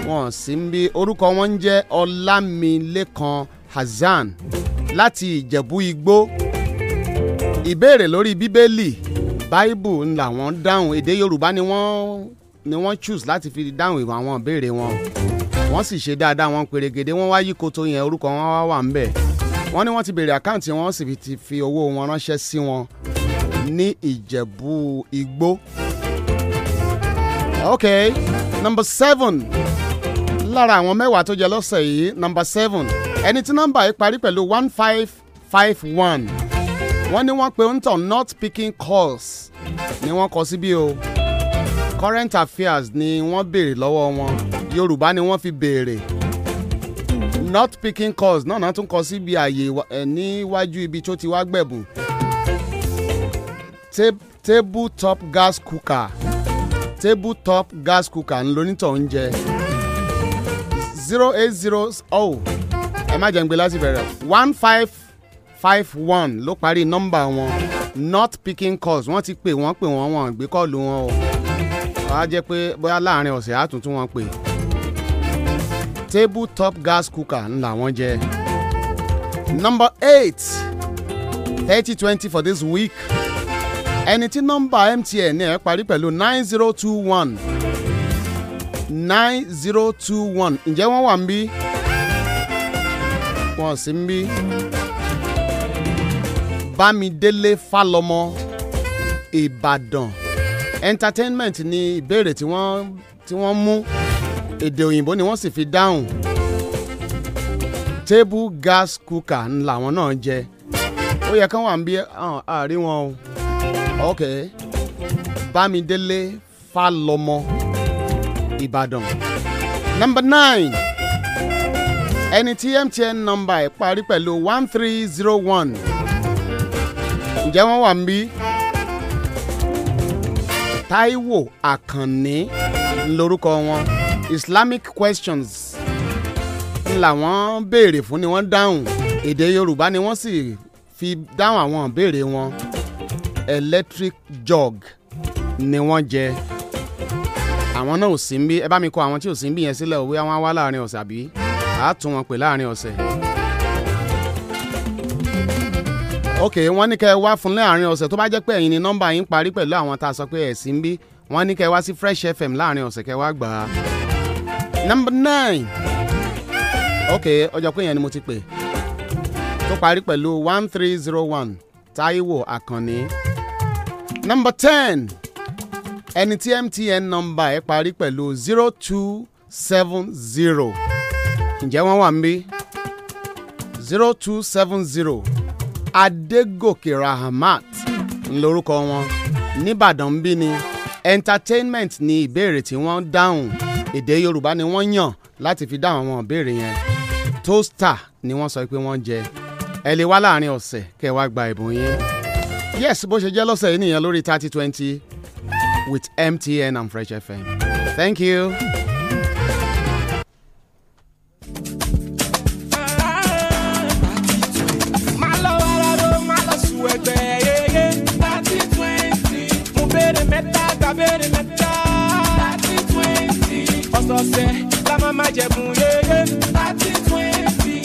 wọ́n sì ń bí orúkọ wọn ń jẹ́ ọlámilékan hasan láti ìjẹ̀bú igbó ìbéèrè lórí bíbélì bible ń làwọn dáhùn èdè yorùbá ni wọ́n ni wọ́n choose láti fi dáhùn ìwà àwọn ìbéèrè wọn wọ́n sì ṣe dáadáa wọn pèrègèdè wọ́n wá yí koto yẹn orúkọ wọn wá wà ń bẹ̀ wọ́n ní wọ́n ti bèrè àkáǹtì wọn sì ti fi owó wọn ránṣẹ́ sí wọn ní ìjẹ̀bú igbó. ok number seven lára àwọn mẹ́wàá tó jẹ lọ́sẹ̀ yìí number seven ẹni tí nọ́mbà yìí parí pẹ̀lú one five five one wọ́n ní wọ́n pe ń not picking calls ni wọ́n kọ síbí o current affairs ni wọ́n béèrè lọ́wọ́ wọn yorùbá ni wọ́n fi béèrè not picking calls náà náà tún kọ síbi àyè níwájú ibi tó ti wá gbẹ̀bùn table top gas cooker table top gas cooker ń lonítọ̀ ń zero eight zero oh ẹ má jẹ́ ń gbé láti bẹ̀rẹ̀ one five five one ló parí nọ́mbà wọn not picking calls wọ́n ti pè wọ́n pè wọ́n wọ́n gbé kọ́ọ̀lù wọn o wàá jẹ́ pé bóyá láàrin ọ̀sẹ̀ á tún tún wọn pè é table top gas cooker ńlá wọn jẹ. number eight thirty twenty for this week ẹni tí nọ́mbà MTN ẹ̀ parí pẹ̀lú nine zero two one nine zero two one ǹjẹ́ wọ́n wà ń bí? wọ́n sì ń bí. Bámidélé Fálọmọ Ìbàdàn entertainment ni ìbéèrè tí wọ́n mú èdè òyìnbó ni wọ́n sì fi dáhùn table gas cooker làwọn náà jẹ ó yẹ kán wà ń bí àárín wọn o ok Bámidélé Fálọmọ Ìbàdàn number nine ẹni tí MTN nọ́mbà ẹ̀ parí pẹ̀lú one three zero one ǹjẹ́ wọ́n wà ń bí Táíwò Àkànní lórúkọ wọn. Islamic questions làwọn béèrè fún ni wọ́n dáhùn èdè Yorùbá ni wọ́n sì fi dáhùn àwọn ìbéèrè wọn electric jog ni wọ́n jẹ àwọn náà ò sí ń bí ẹ bá mi kọ àwọn tí ò sí ń bí yẹn sílẹ̀ òwe àwọn wá láàrin ọ̀sẹ̀ àbí àá tún wọn pè láàrin ọ̀sẹ̀. ok wọ́n ní kẹ́ ẹ wá fún láàrin ọ̀sẹ̀ tó bá jẹ́ pé ẹ̀yin ni nọ́mbà yín parí pẹ̀lú àwọn tá a sọ pé ẹ̀ sí ń wọ́n ní kẹ́ ẹ wá sí Fresh FM láàrin ọ̀sẹ̀ kẹ́ ẹ wá gbà á number nine ok ọjọ́ pé yẹn ni mo ti pè tó parí pẹ̀lú one three zero one Taiwo Àkànní number ten ẹni tí MTN number ẹ parí pẹ̀lú zero two seven zero ǹjẹ́ wọ́n wà ń bí zero two seven zero Adegoke Rahmat. ńlórúkọ wọn nìbàdàn ń bí ni entertainment ni ìbéèrè tí wọ́n dáhùn èdè yorùbá ni wọ́n yàn láti fi dá àwọn ìbéèrè yẹn tóstà ni wọ́n sọ pé wọ́n jẹ ẹ lè wá láàrin ọ̀sẹ̀ kẹ́ wá gba ìbùn yín yes bó ṣe jẹ́ lọ́sẹ̀ yìí nìyẹn lórí thirty twenty with MTN and Fresh FM thank you. ọ̀sọ̀ọ̀sẹ̀ la máa máa jẹ̀bùn yéyé. thirty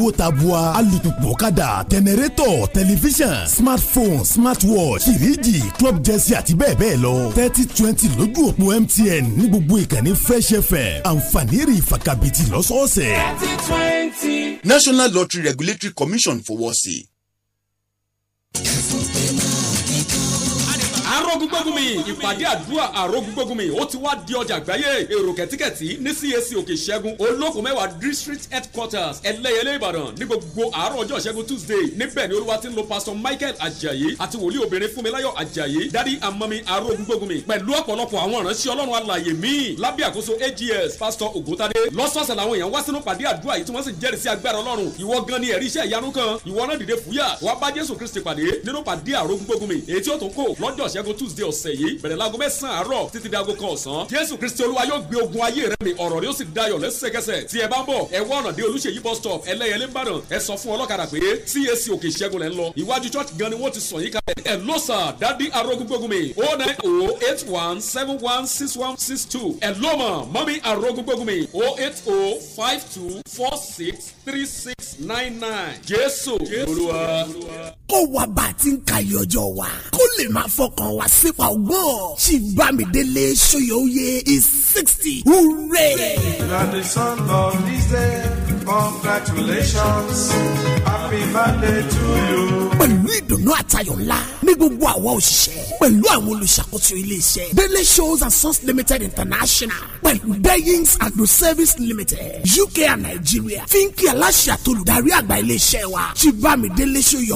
owó tabua alùpùpù ọ̀kadà tẹnẹrétọ̀ tẹlifíṣàn smartphone smartwatch fìríjì club jẹ́sí àti bẹ́ẹ̀ bẹ́ẹ̀ lọ thirty twenty lójú òpó MTN ní gbogbo ìkànnì fresh fm àǹfààní rí ìfakabìtì lọ́sọ̀ọ̀sẹ̀. National Lottery Regulatory Commission fowọ́ sí arógúngbógunmi ìpàdé àdúrà arógúngbógunmi ó ti wá di ọjà àgbáyé èrò kẹ̀tíkẹ̀tì ní CAC òkè ìṣẹ́gun olókùn mẹ́wàá district headquarters ẹlẹ́yẹlé ìbàdàn ní gbogbo àárọ̀ ọjọ́ ìṣẹ́gun tuesday níbẹ̀ ni olúwa ti ń lo pastor michael ajayi àti wòlíì obìnrin fúnmiláyọ̀ ajayi dádì amami arógúngbógunmi pẹ̀lú ọ̀pọ̀lọpọ̀ àwọn ìránṣẹ́ ọlọ́run alàyè míì lábẹ́ àkóso ags pastor ògúntadé lọ́sọ̀ọ̀sẹ̀ làwọn èèyàn wá sínú pàdé àdúrà yìí tí wọ́n sì jẹ́rìí tuesday ọ̀sẹ̀ yìí bẹ̀rẹ̀ láago mẹ́sàn-án àárọ̀ títí di aago kan ọ̀sán jésù kristi olúwa yóò gbé ogun ayé rẹ mi ọ̀rọ̀ yóò sì dayọ̀ lẹ́sẹ̀kẹsẹ̀ tí ẹ bá ń bọ̀ ẹ wá ọ̀nà dé olùṣèyí bus stop ẹlẹ́yẹlé ń bàdàn ẹ sọ fún ọlọ́kadà pé cac òkè ìṣẹ́gun lẹ́ ń lọ iwájú church gan ni wọ́n ti sàn yín kalẹ̀ ẹ ló sà dádì arógúngbógunmi o oh nine kó wa bá a ti ń ka iye wa kó lè máa fọkàn wa àṣìpà ògbọ́n Chibamidele Soyeye is sixty hooray. You are the son of this day congratulations happy birthday to you. pẹ̀lú ìdùnnú àtayọ̀ ńlá ní gbogbo àwa òṣìṣẹ́ pẹ̀lú àwọn olùṣàkóso iléeṣẹ́ Dele Shows and source Limited International pẹ̀lú Dayings Agro Service Limited UK and Nigeria fínkì aláṣẹ àtolùdarí àgbà iléeṣẹ́ wa Chibamidele Soyeye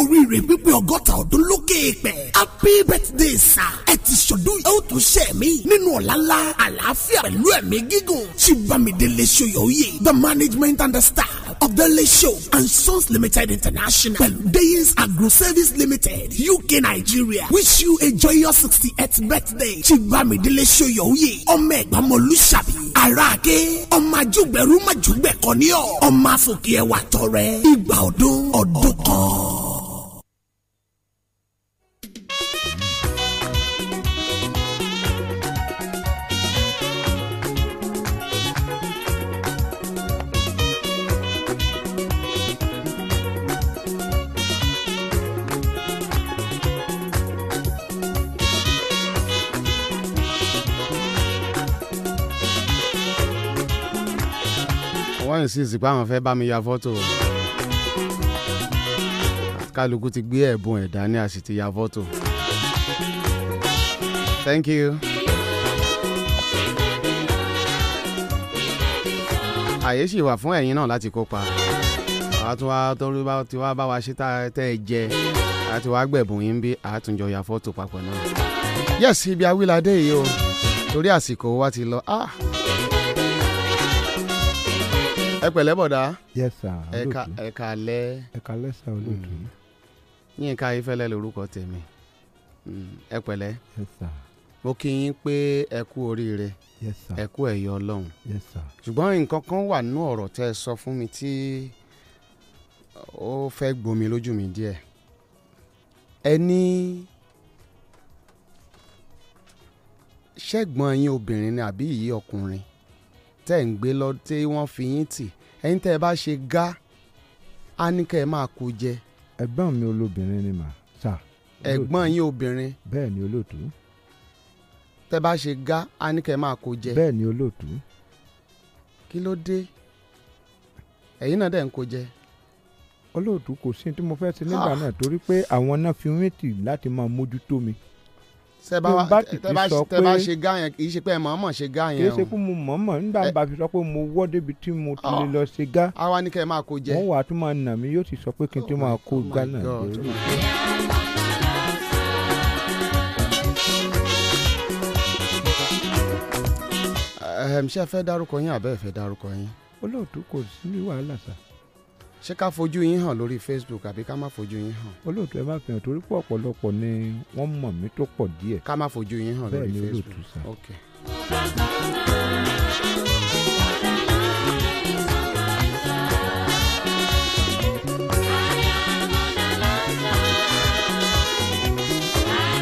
oríire pípé ọgọ́ta ọdún lókè pẹ̀ happy birthday day sa ẹ ti ṣọdún yìí. ẹ ó tún ṣe mí nínú ọ̀la ńlá àlàáfíà pẹ̀lú ẹ̀mí gígùn. ṣùgbọ́nmídélé ṣòyòye the management and the staff of Dele Show and Sons Limited International pẹ̀lú Dayins Agro Service Limited UK Nigeria wish you a joyous sixty-eighth birthday. ṣùgbọ́nmídélé ṣòyòye ọmọ ẹ̀gbọ́mọlúṣàbí aráàké ọmọ ajúgbẹ̀rú májúgbẹ̀kọ ní ọ ọmọ afọkẹ́ wà tọrẹ ìgbà ọdún ọdún kan. insist pé àwọn fẹ́ bá mi ya fọ́tò kálukú ti gbé ẹ̀bùn ẹ̀ dání a sì ti ya fọ́tò thank you. àyè sì wà fún ẹ̀yin náà láti kópa àtúnwá tọ́lú bá ti wá bá wa ṣe tá tẹ́ ẹ jẹ àti wàá gbẹ̀bùn yín bí àtúnjọ ya fọ́tò papọ̀ náà. yẹ́sì ibi awíládé yìí o torí àsìkò wa ti lọ. Ah ẹ pẹ̀lẹ́ bọ̀dá. yes sir ẹ̀ka ẹ̀ka alẹ́. ẹ̀ka alẹ́ sir olóòtú. Mm. Yínká Ayéfẹ́lẹ́ lórúkọ tèmi mm. ẹ pẹ̀lẹ́. yes sir. mo kí yín pé ẹ kú oríire. yes sir. ẹ kú ẹ̀yọ ọlọ́run. yes sir. ṣùgbọ́n nǹkan kan wà nínú ọ̀rọ̀ tẹ́ ẹ sọ fún mi tí ó fẹ́ gbomi lójú mi díẹ̀. ẹ ní ṣẹ́gbọ́n yín obìnrin ni àbí ìyí ọkùnrin tẹ́ ń gbé lọ tí wọ́n fi yín tì ẹ̀yin tẹ́ ẹ bá ṣe gá á ní kẹ́ ẹ máa kó jẹ. ẹ̀gbọ́n mi olóbìnrin ni mà sà. ẹ̀gbọ́n yín obìnrin. bẹ́ẹ̀ ni olóòtú. tẹ́ bá ṣe gá á ní kẹ́ ẹ máa kó jẹ. bẹ́ẹ̀ ni olóòtú. kí ló dé ẹ̀yin náà dẹ̀ ń kó jẹ olóòtú kò sí tí mo fẹ́ ṣe nígbà ah. náà torí pé àwọn náà fi wíńtì láti máa mójútó mi tẹ bá ṣe gá yẹn kì í ṣe pé mọ̀ọ́mọ̀ ṣe gá yẹn o. kì í ṣe pé mo mọ̀ọ́mọ̀ nígbà bá fi sọ pé mo wọ́ débi tí mo ti lè ah. lọ ṣe gá. àwa ni kẹ́ ẹ máa kó jẹ. wọ́n wà á tún máa nà mí yóò ti sọ pé kí n tó máa kó oh gá lórí. ṣé ẹ fẹ́ dárúkọ yín àbẹ́ ẹ fẹ́ dárúkọ yín. olóòtú kò sí wàhálà sáà ṣé ká fojú yín hàn lórí Facebook àbí ká má fojú yín hàn. olóòtú ẹ má fi hàn torí pé ọ̀pọ̀lọpọ̀ ni wọ́n mọ̀ mí tó pọ̀ díẹ̀. ká má fojú yín hàn lórí Facebook bẹ́ẹ̀ ni olóòtú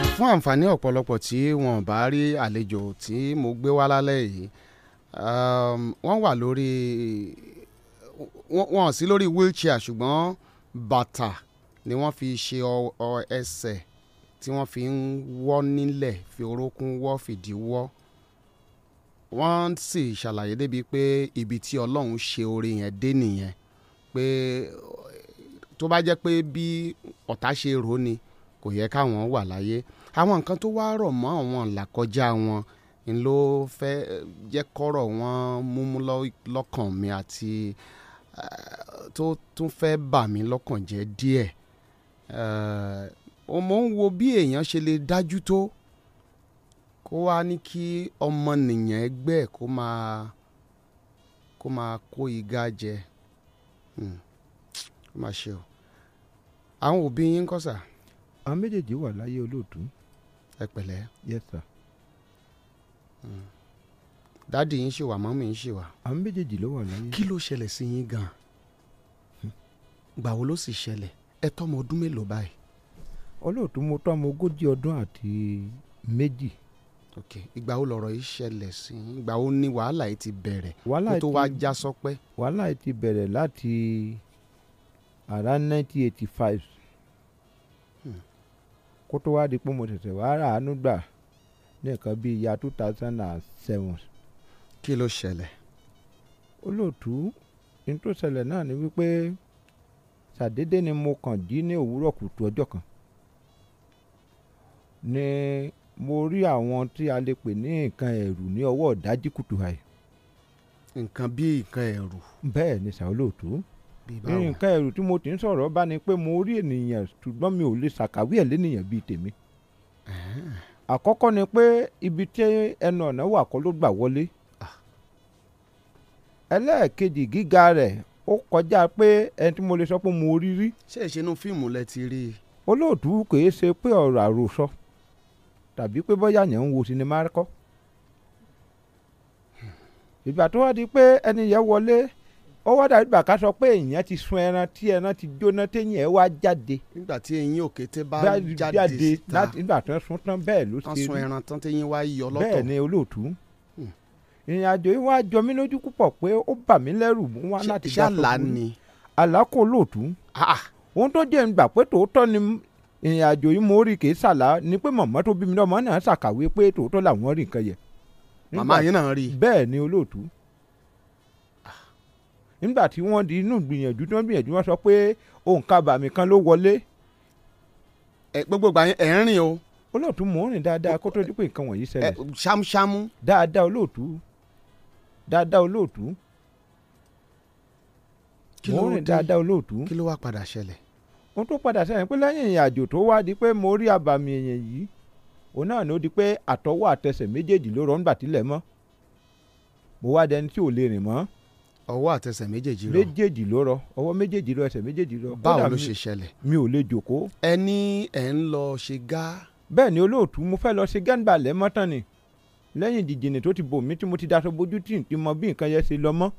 sá. ok. fún àǹfààní ọ̀pọ̀lọpọ̀ tí wọ́n bá rí àlejò tí mo gbé wá lálẹ́ yìí um, wọ́n wà lórí wọn sí lórí wheelchair ṣùgbọ́n bàtà ni wọ́n fi ṣe ẹsẹ̀ tí wọ́n fi ń wọ́ nílẹ̀ fi orókún wọ́ fìdí wọ́ wọ́n sì ṣàlàyé débi pé ibi tí ọlọ́run ṣe oore yẹn dé nìyẹn pé tó bá jẹ́ pé bí ọ̀tá ṣe rò ni kò yẹ káwọn wà láyé àwọn nǹkan tó wá rọ̀ mọ́ àwọn làkọjá wọn n ló fẹ́ jẹ́ kọ́rọ̀ wọn múmú lọ́kàn mi àti tó tún fẹ́ bà mí lọ́kàn jẹ́ díẹ̀ mo ń wo bí èèyàn ṣe lè dájú tó kó wá ní kí ọmọnìyàn ẹgbẹ́ kó máa kó máa kó igá jẹ kó hmm. máa ṣe o àwọn òbí yín ń kọ́ sà. àwọn méjèèjì wà láyé olóòtú. ẹ pẹ̀lẹ́. yes sir. Mm dáàdì yín ṣì wà mọ́mì yín ṣì wà. àwọn méjèèjì ló wà láyé. kí ló ṣẹlẹ̀ sí yín gan-an hmm? gbàwo ló sì ṣẹlẹ̀ ẹ tọ́mọ ọdún mélòó báyìí. olóòtú mo tọ́mọ ogójì ọdún àti méjì. ok ìgbà lọ̀rọ̀ yìí ṣẹlẹ̀ sí yín ìgbà wo wàhálà yìí ti bẹ̀rẹ̀ wàhálà tó wá já sọpẹ́. wàhálà yìí ti bẹ̀rẹ̀ láti around nineteen eighty five hmm. kó tó wá di pé mo tẹ̀tẹ̀ wá rà gbà ní nǹkan bíi ya two thousand and seven kí ló ṣẹlẹ̀. olóòtú ní tó ṣẹlẹ̀ náà ni wípé ṣàdédé ni mo kàn jí ní òwúrọ̀ kùtù ọjọ́ kan ni mo rí àwọn tí a lè pè ní nǹkan ẹ̀rù ní ọwọ́ ọ̀dájú kùtù àì. nǹkan bí nǹkan ẹ̀rù. bẹ́ẹ̀ ni ṣàolóòtú nǹkan ẹ̀rù tí mo ti ń sọ̀rọ̀ bá ni pé mo rí ènìyàn ṣùgbọ́n mi ò lè ṣàkàwé ẹ̀ lẹ́nìyàn bíi tèmi. àkọ́kọ́ ni pé ibi tí ẹnu ọ̀nà wà kọ́ ló gbà wọlé ẹlẹ́ẹ̀kejì gíga rẹ̀ ó kọjá pé ẹni tí mo lè sọ pé mo rí rí. ṣé ìṣẹ́nu fíìmù lẹ ti rí i. olóòtú kìí ṣe pé ọ̀rọ̀ àròsọ tàbí pé bóyá yẹn ń wo sinimá kọ́. ìgbà tó wá di pé ẹni yẹn wọlé ó wá dàbí bàkà sọ pé èèyàn ti sun ẹran tí ẹran ti jóná téèyàn ẹ wá jáde. nígbà tí eyín òkété bá jáde síta nígbà tó sun tán bẹ́ẹ̀ ló ṣe rí. bẹ́ẹ̀ ni olóòtú ìrìnàjò yìí wá jọ mí lójú púpọ̀ pé ó bà mí lẹ́rù mú wá láti dá tó kú ni àlákò lòtú ah, ah. ohun tó jẹ́ ìgbà pé tòótọ́ ni ìrìnàjò yìí mo rí kìí sàlá ni pé mọ̀mọ́ tó bí mi lọ́mọ náà ṣàkàwé pé tòótọ́ làwọn rí nǹkan yẹ. màmá yín náà rí i. bẹ́ẹ̀ ni olóòtú ah. nígbà tí wọ́n di inú gbìyànjú tí wọ́n gbìyànjú wọ́n sọ pé òǹkà bàmí kan ló wọlé. ẹ gbogbo ìgbà yẹn ẹ ń rìn o. olóòtú mò ń rìn dáadáa kó tó di pé nǹkan wọ̀nyí ṣẹlẹ̀. ṣámúṣámú. dáadáa olóòtú dáadáa olóòtú mo rìn dáadáa olóòtú. kí ló wá padà ṣẹlẹ̀. ohun tó padà ṣẹlẹ̀ pé lẹ́yìn ìrìn àjò tó wá di pé mo rí àbàmì èèyàn yìí òun náà ló di pé àtọwọ́ àtẹsẹ̀ méjèèjì ló rọ nígbà tílẹ̀ mọ́ mo wá dẹni tí ò lè rìn mọ́. ọwọ́ àtẹsẹ̀ méjèèjì rọ méjèèjì ló rọ ọwọ́ méjèèjì lọ ẹsẹ̀ méjèèjì rọ. báwo ló ṣe ṣẹlẹ̀. mi ò lè jòkó. ẹni ẹ̀ ń lọ ṣe gá. bẹ́ẹ̀ ni olóòtú mo fẹ́ lọ ṣe gá lẹ́mọ́tán ni lẹ́yìn jìjìnì tó ti bò mí tí mo ti daṣọ bojú tí n ti mọ bí nǹkan yẹn ṣe lọ mọ́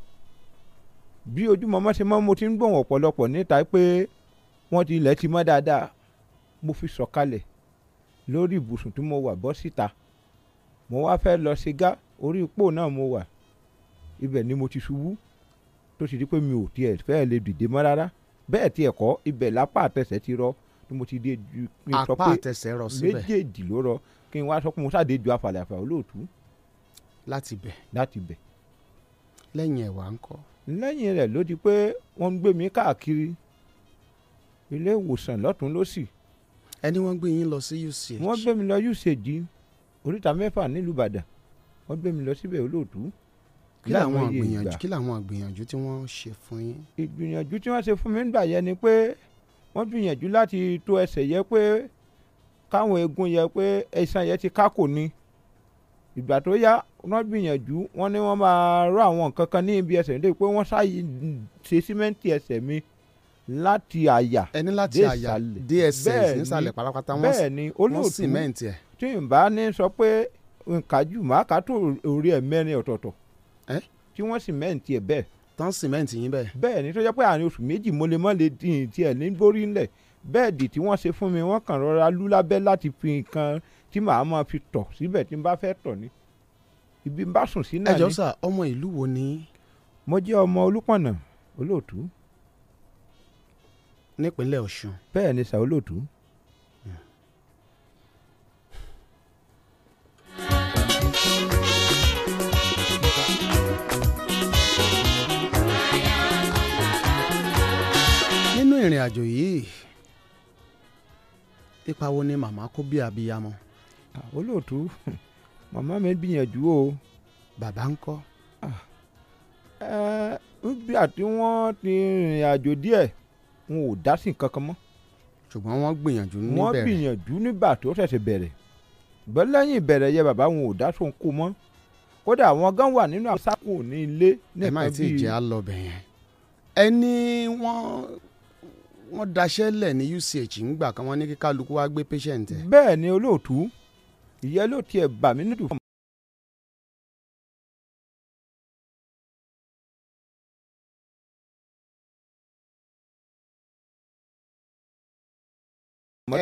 bí ojúmọmọ́ ṣe mọ́ mo ti ń gbọ̀n ọ̀pọ̀lọpọ̀ níta pé wọ́n ti ilẹ̀ ti mọ́ dáadáa mo fi sọ̀kalẹ̀ lórí ibùsùn tí mo wà bọ́ síta mo wá fẹ́ lọ ṣìgá orí ipò náà mo wà ibẹ̀ ni mo ti ṣubú tó sì di pé mi ò tiẹ̀ fẹ́ lè dìde mọ́ rárá bẹ́ẹ̀ tiẹ̀ kọ́ ibẹ̀ lápá àtẹsẹ̀ ti rọ tí mo ti dé ju apá àtẹsẹ̀ rọ síbẹ̀ méjèèjì ló rọ kí n wá sọ pé mo ṣàdé ju afàlẹ̀ àfà olóòtú. láti bẹ̀. láti bẹ̀. lẹ́yìn ẹ̀ wá ń kọ́. lẹ́yìn rẹ̀ ló di pé wọ́n ń gbé mi káàkiri ilé ìwòsàn lọ́tún lọ́sì. ẹni wọ́n gbé yín lọ sí UCH. wọ́n gbé mi lọ UCH oríta mẹ́fà nílùú Ìbàdàn wọ́n gbé mi lọ síbẹ̀ olóòtú kí làwọn àgbìyànjú kí làwọn àgbìyànjú tí wọ́n ṣe fún yín. ìgbìyànjú tí wọ́n ṣe fún mi nígbà yẹn ni pé wọ́n gbìyànjú láti tó ẹsẹ̀ yẹ pé káwọn eégún yẹ pé ẹ̀sán yẹn ti kákò ni ìgbà tó yá wọ́n gbìyànjú wọ́n ní wọ́n máa rọ àwọn nǹkan kan ní ibi ẹsẹ̀ nítorí pé wọ́n ṣáàyè ṣe símẹ́ǹtì ẹsẹ̀ mi láti àyà ẹni láti àyà dé ẹsẹ̀ nísàlẹ̀ parapata wọ́n símẹ́ǹtì ẹ̀. tí n bá ní sọ pé nkájú màá kà tó orí ẹ̀ mẹ́rin ọ̀tọ̀ọ̀tọ̀ tí wọ́n símẹ́ǹtì ẹ̀ bẹ́ẹ̀. tán símẹ́ǹtì yín bẹ́ẹ̀. bẹ́ẹ̀ ni tó jẹ́ pé àárín oṣù méjì mo dín in tiẹ̀ ní borí ńlẹ̀ bẹ́ẹ̀dì tí wọ́n ṣe fún mi wọ́n kàn rọra lú lábẹ́ láti fi nǹkan tí màá máa fi tọ̀ síbẹ̀ tí n bá fẹ́ tọ̀ ni ibi n bá sùn sí náà ni. ẹ jọ sà ọmọ ìlú wo ni. mo jẹ́ ọmọ olúpọ̀nà olóòtú. nípínlẹ̀ ọ̀ṣun. bẹ́ẹ̀ ni sà olóòtú. nínú ìrìn àjò yìí ipa wo ni màmá kó bí abiyamọ. olóòtú [LAUGHS] màmá mi gbìyànjú o. bàbá ń kọ́. nígbà tí wọ́n ti rìnrìn àjò díẹ̀ n ò dá sí kankan mọ́. ṣùgbọ́n wọ́n gbìyànjú níbẹ̀rẹ̀. wọ́n gbìyànjú nígbà tó ṣẹ̀ṣẹ̀ bẹ̀rẹ̀ ṣùgbọ́n lẹ́yìn ìbẹ̀rẹ̀ yẹ bàbá wọn ò dá sóhun kó mọ́ kódà àwọn gan wà nínú àwọn sákò ní ilé. ẹ má tí ì jẹ́ àlọ́ bẹ̀yẹn ẹni wọ́n wọ́n daṣẹ́ lẹ̀ ní UCH ńgbà kan wọ́n ní kí kálukú wá gbé patient ẹ̀. bẹ́ẹ̀ ni olóòtú ìyẹn ló tiẹ̀ bà mí nídùú fún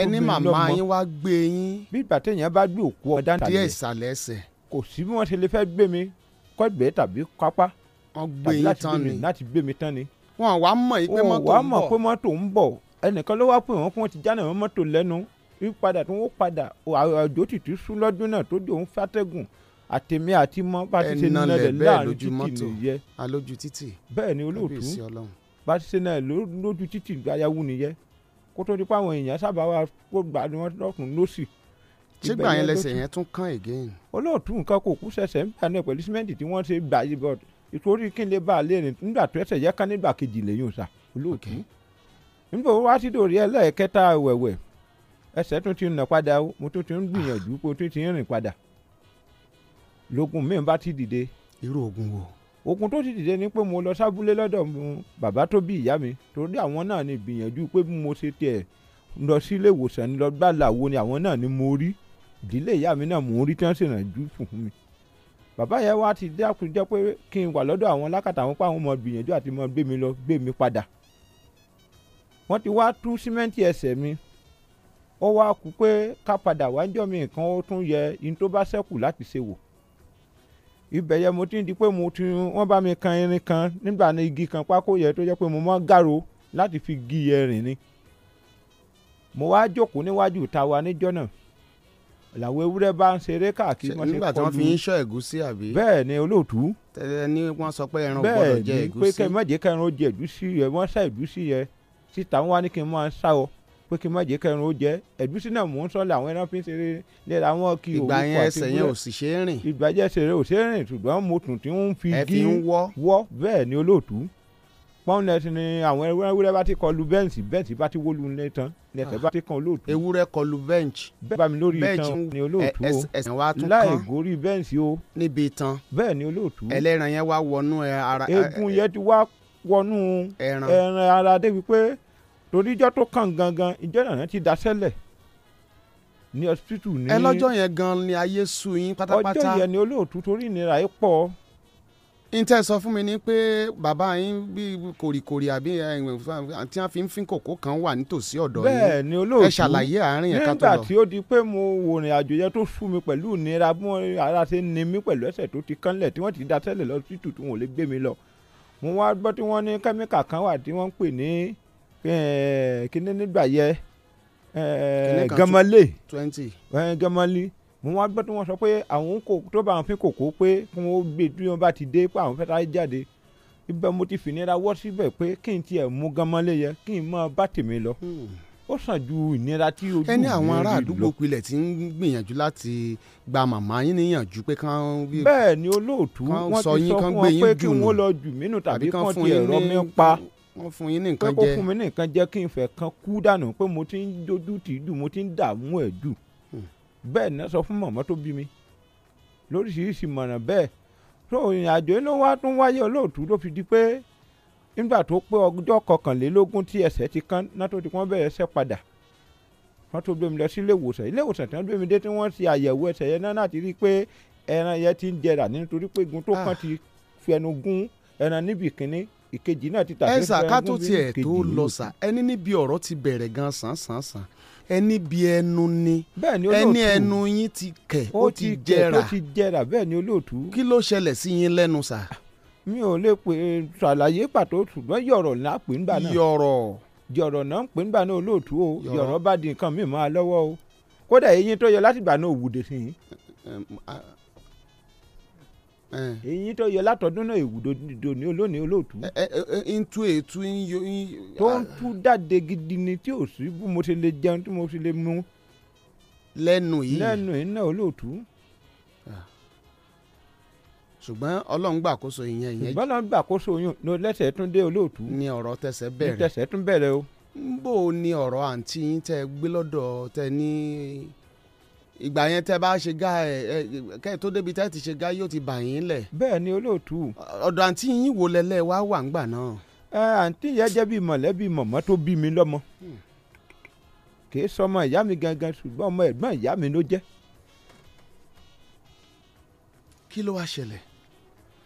ẹni màmá yín wá gbé yín. bí ìgbà téèyàn bá gbé òkú ọ̀dá tàbí díẹ̀ ìsàlẹ̀ ẹsẹ̀. kò sí bí wọ́n ṣe lè fẹ́ gbé mi kọ́gbẹ́ tàbí kápá. wọ́n gbé yín tán ni tàbí láti gbé mi tán ni wọn wàá mọ̀ pé mọ́tò ń bọ̀ wọn wàá mọ̀ pé mọ́tò ń bọ̀ ẹnìkan ló wá pè wọ́n kí wọ́n ti jáná wọn mọ́tò lẹ́nu yípadà tó ń padà àjò tìtì sún lọ́dún náà tó dé òun fàtẹ́gùn àtẹ̀mí àti mọ́ bá ti ṣe nílẹ̀ láàrin títì nìyẹn alójú ti pa àwọn èèyàn sábà wà kó gbà ni wọ́n lọ́kùn lọ́sì. sígbà yẹn lẹsẹ̀ yẹn tún kán again. olóòtú nǹkan kò kú sẹ̀sẹ̀ ń bà náà pẹ̀lú símẹ́ǹtì tí wọ́n ṣe gbà yìí bọ́ọ̀dù ìtorí kí n lè bá a lè rìn nígbà tó ẹsẹ̀ yẹ ká nígbà kejì lẹ́yìn òsà olóòtú nígbà wá sí dòrí ẹlẹ́ẹ̀kẹta wẹ̀wẹ̀ ẹsẹ̀ tún ti nà padà mo tún ti ń gbìyànjú pé o tún ti ń rìn padà lógun mi bá ti dìde. irú ogun wo. ogun tó ti dìde ni pé mo lọ sábúlé lọ́dọ̀ bàbá tó bí ìyá mi torí àwọn náà ni gbìyànjú pé mo ṣe tiẹ̀ lọ sílé ìwòsàn ni lọ gbàlà wo ni àwọn náà ni mo rí ìdílé ìyá mi náà mò ń rí tí bàbá yẹn wá ti dákun jẹ́ pé kí n wà lọ́dọ̀ àwọn lákàtà àwọn páwọn ọmọ gbìyànjú àti mọ gbé mi lọ gbé mi padà wọ́n ti wá tú símẹ́ǹtì ẹsẹ̀ mi ó wá kú pé ká padà wájọ́ mi nǹkan ó tún yẹ in tó bá ṣẹ́kù láti ṣe wò ibẹ̀ yẹn mo ti ń di pé mo ti wọ́n bá mi kan irin kan nígbà ní igi kan pákó yẹn tó jẹ́ pé mo mọ́ gàrò láti fi gí yẹn rìn ni mo wá jókòó níwájú ìta wa níjọ́ náà làwọn ewúrẹ́ bá ń ṣeré káàkiri wọ́n ṣe kọlu nígbà tí wọ́n fi ń ṣọ́ ẹ̀gúsí àbí. bẹ́ẹ̀ ni olóòtú. tẹ́lẹ̀ ni wọ́n sọ pé ẹran gbọ́dọ̀ jẹ ẹ̀gúsí. bẹ́ẹ̀ ni pé kẹ́ mẹ́jẹ kẹrin ó jẹ ẹ̀gúsí yẹ wọ́n ṣá ẹ̀gúsí yẹ síta wọn wá ní kí n máa sá ọ pé kí n mẹ́jẹ kẹrin ó jẹ ẹ̀gúsí náà mò ń sọ làwọn ẹran fi ń ṣeré ní àwọn kí òwú pàtó ìgbà yẹn ẹsẹ̀ pọ́nnet ni àwọn ewúrẹ́ bá ti kọlu bẹ́ǹsì bẹ́ǹsì bá ti wólu ní tán lẹ́sẹ̀ bá ti kan olóòtú. ewúrẹ́ kọlu bẹ́ǹsì. bẹ́ẹ̀ bá lórí itan ni olóòtú o ẹsẹ̀ wa tún kan láì gorí bẹ́ǹsì o. níbi itan bẹ́ẹ̀ ni olóòtú. ẹlẹ́ran yẹn wá wọnú ara. eegun yẹn ti wá wọnú ẹran ara débi pé torí ijọ́ tó kàn gangan ijọ́ náà ti daṣẹ́lẹ̀ ní hospital ní. ẹ yẹn gan ni ayé sú yín pátápátá. ọjọ́ yẹn ni olóòtú torí ìnira yìí pọ̀ n tẹ́ sọ fún mi ni pé bàbá yín bí kòrìkòrì àbí àti wọn fi ń fín kòkó kan wà nítòsí ọ̀dọ̀ yín ẹ ṣàlàyé àárín ẹ̀ka tó lọ. nígbà tí ó di pé mo wò rìn àjò yẹn tó sú mi pẹ̀lú ìnira bí wọ́n ara ṣe ni mí pẹ̀lú ẹsẹ̀ tó ti kánlẹ̀ tí wọ́n ti da tẹ́lẹ̀ lọ sí tùtù wọn ò lè gbé mi lọ. mo wá gbọ́ tí wọ́n ní kẹ́míkà kan wà tí wọ́n ń pè ní kíní nígbà yẹ gẹmọlé mo wá gbọ́ tí wọ́n sọ pé àwọn kò tó bá àwọn pín kòkó pé kí wọ́n gbé bí wọ́n bá ti dé pé àwọn fẹ́ẹ́ jáde ibẹ̀ mo ti fìnira wọ́ síbẹ̀ pé kí n tiẹ̀ mú gánmọ́lé yẹ kí n máa bá tèmi lọ hmm. ó sàn ju ìnira tí ojú mi rí lọ. ẹni àwọn ará àdúgbò pilẹ̀ ti ń gbìyànjú láti gba màmá yín níyànjú pé kán. bẹ́ẹ̀ ni olóòtú wọ́n ti sọ fún wọn pé kí wọ́n lọ jù mínú tàbí kán tiẹ̀ rọ́ mi pa wọ́n fún yín ní nǹkan jẹ pé kó fún mi ní nǹkan jẹ kí n fẹ́ kan kú dànù pé mo ti ń dojú tì í dù mo ti ń dààmú ẹ̀ dù bẹ́ẹ̀ náà sọ fún màmá tó bí mi lóríṣiríṣi mọ̀nà bẹ́ẹ̀ tó ìrìn àjò iná wa tún wáyé olóòtú ló fi di pé nígbà tó pé ọjọ́ kọkànlélógún tí ẹsẹ̀ ti kán náà tó ti wọ́n bẹ̀rẹ̀ ẹsẹ̀ padà wọ́n tó gbé mi lọ sí ilé ìwòsàn ilé ìwòsàn tí wọ́n gbé mi dé tí wọ́n ṣe àyẹ̀wò ẹsẹ̀ yẹn náà láti rí i pé ẹran yẹn ti ń jẹrà nítorí pé igun tó kàn ah. ti fi ẹnu gún ẹran níbi ìkíní ìkejì náà ti tàbí ẹran níbi ìkejì. ẹ sà ká tó tiẹ̀ tó lọ sà ẹni níbi ọ̀rọ̀ ti bẹ̀rẹ̀ gan sàn sàn sàn ẹni bí ẹnu ni ẹni ẹnu yín ti kẹ̀ ó ti jẹrà ó ti jẹrà bẹ́ẹ̀ ni olóòtú. kí ló ṣẹlẹ̀ sí yín lẹ́nu sà. mi ò lè pè é ṣàlàyé pàtó ṣùgbọ́n yọ̀rọ̀ là pè ń bà náà. yọ̀rọ̀. yọ̀rọ̀ náà ń pè ń bà náà olóòtú o yọ̀rọ̀ bá di nǹkan mi máa lọ́wọ́ o kódà eyín tó yọ láti gbà náà òwúde sí i Eh. èyí tó yọ látọdún náà èwùdòdò ní olónìí olóòtú. ntú ètú ń yọ. tó ń ah. tú jáde gidi ni tí ò sí bí mo ti lè jẹun tí mo ti lè mu. lẹ́nu yìí lẹ́nu yìí náà olóòtú. Ah. ṣùgbọ́n ọlọ́run gbàkóso ìyẹn ìyẹn. ṣùgbọ́n ọlọ́run gbàkóso yún ní lẹ́sẹ̀ tún dé olóòtú. ni ọ̀rọ̀ tẹsẹ̀ bẹ̀rẹ̀ ni tẹsẹ̀ tún bẹ̀rẹ̀ o. ń bò ọ̀rọ̀ àǹtí yín tẹ́ gbé lọ́dọ̀ tẹ ní. Ni ìgbà yẹn tẹ bá ṣe gá ẹ ẹ kẹ́ tó débi tẹ́ ti ṣe gá yóò ti bà yín lẹ̀. bẹ́ẹ̀ ni olóòtú. ọ̀dọ̀ àǹtí yín wo lẹ́lẹ́ wá wà ńgbà náà. ẹ àǹtí yẹn jẹ́ bíi mọ̀lẹ́bí mọ̀mọ́ tó bí mi lọ́mọ. Hmm. kì í sọmọ ìyá mi gangan ṣùgbọ́n ọmọ ẹ̀gbọ́n ìyá mi ló jẹ́. kí ló wá ṣẹlẹ̀.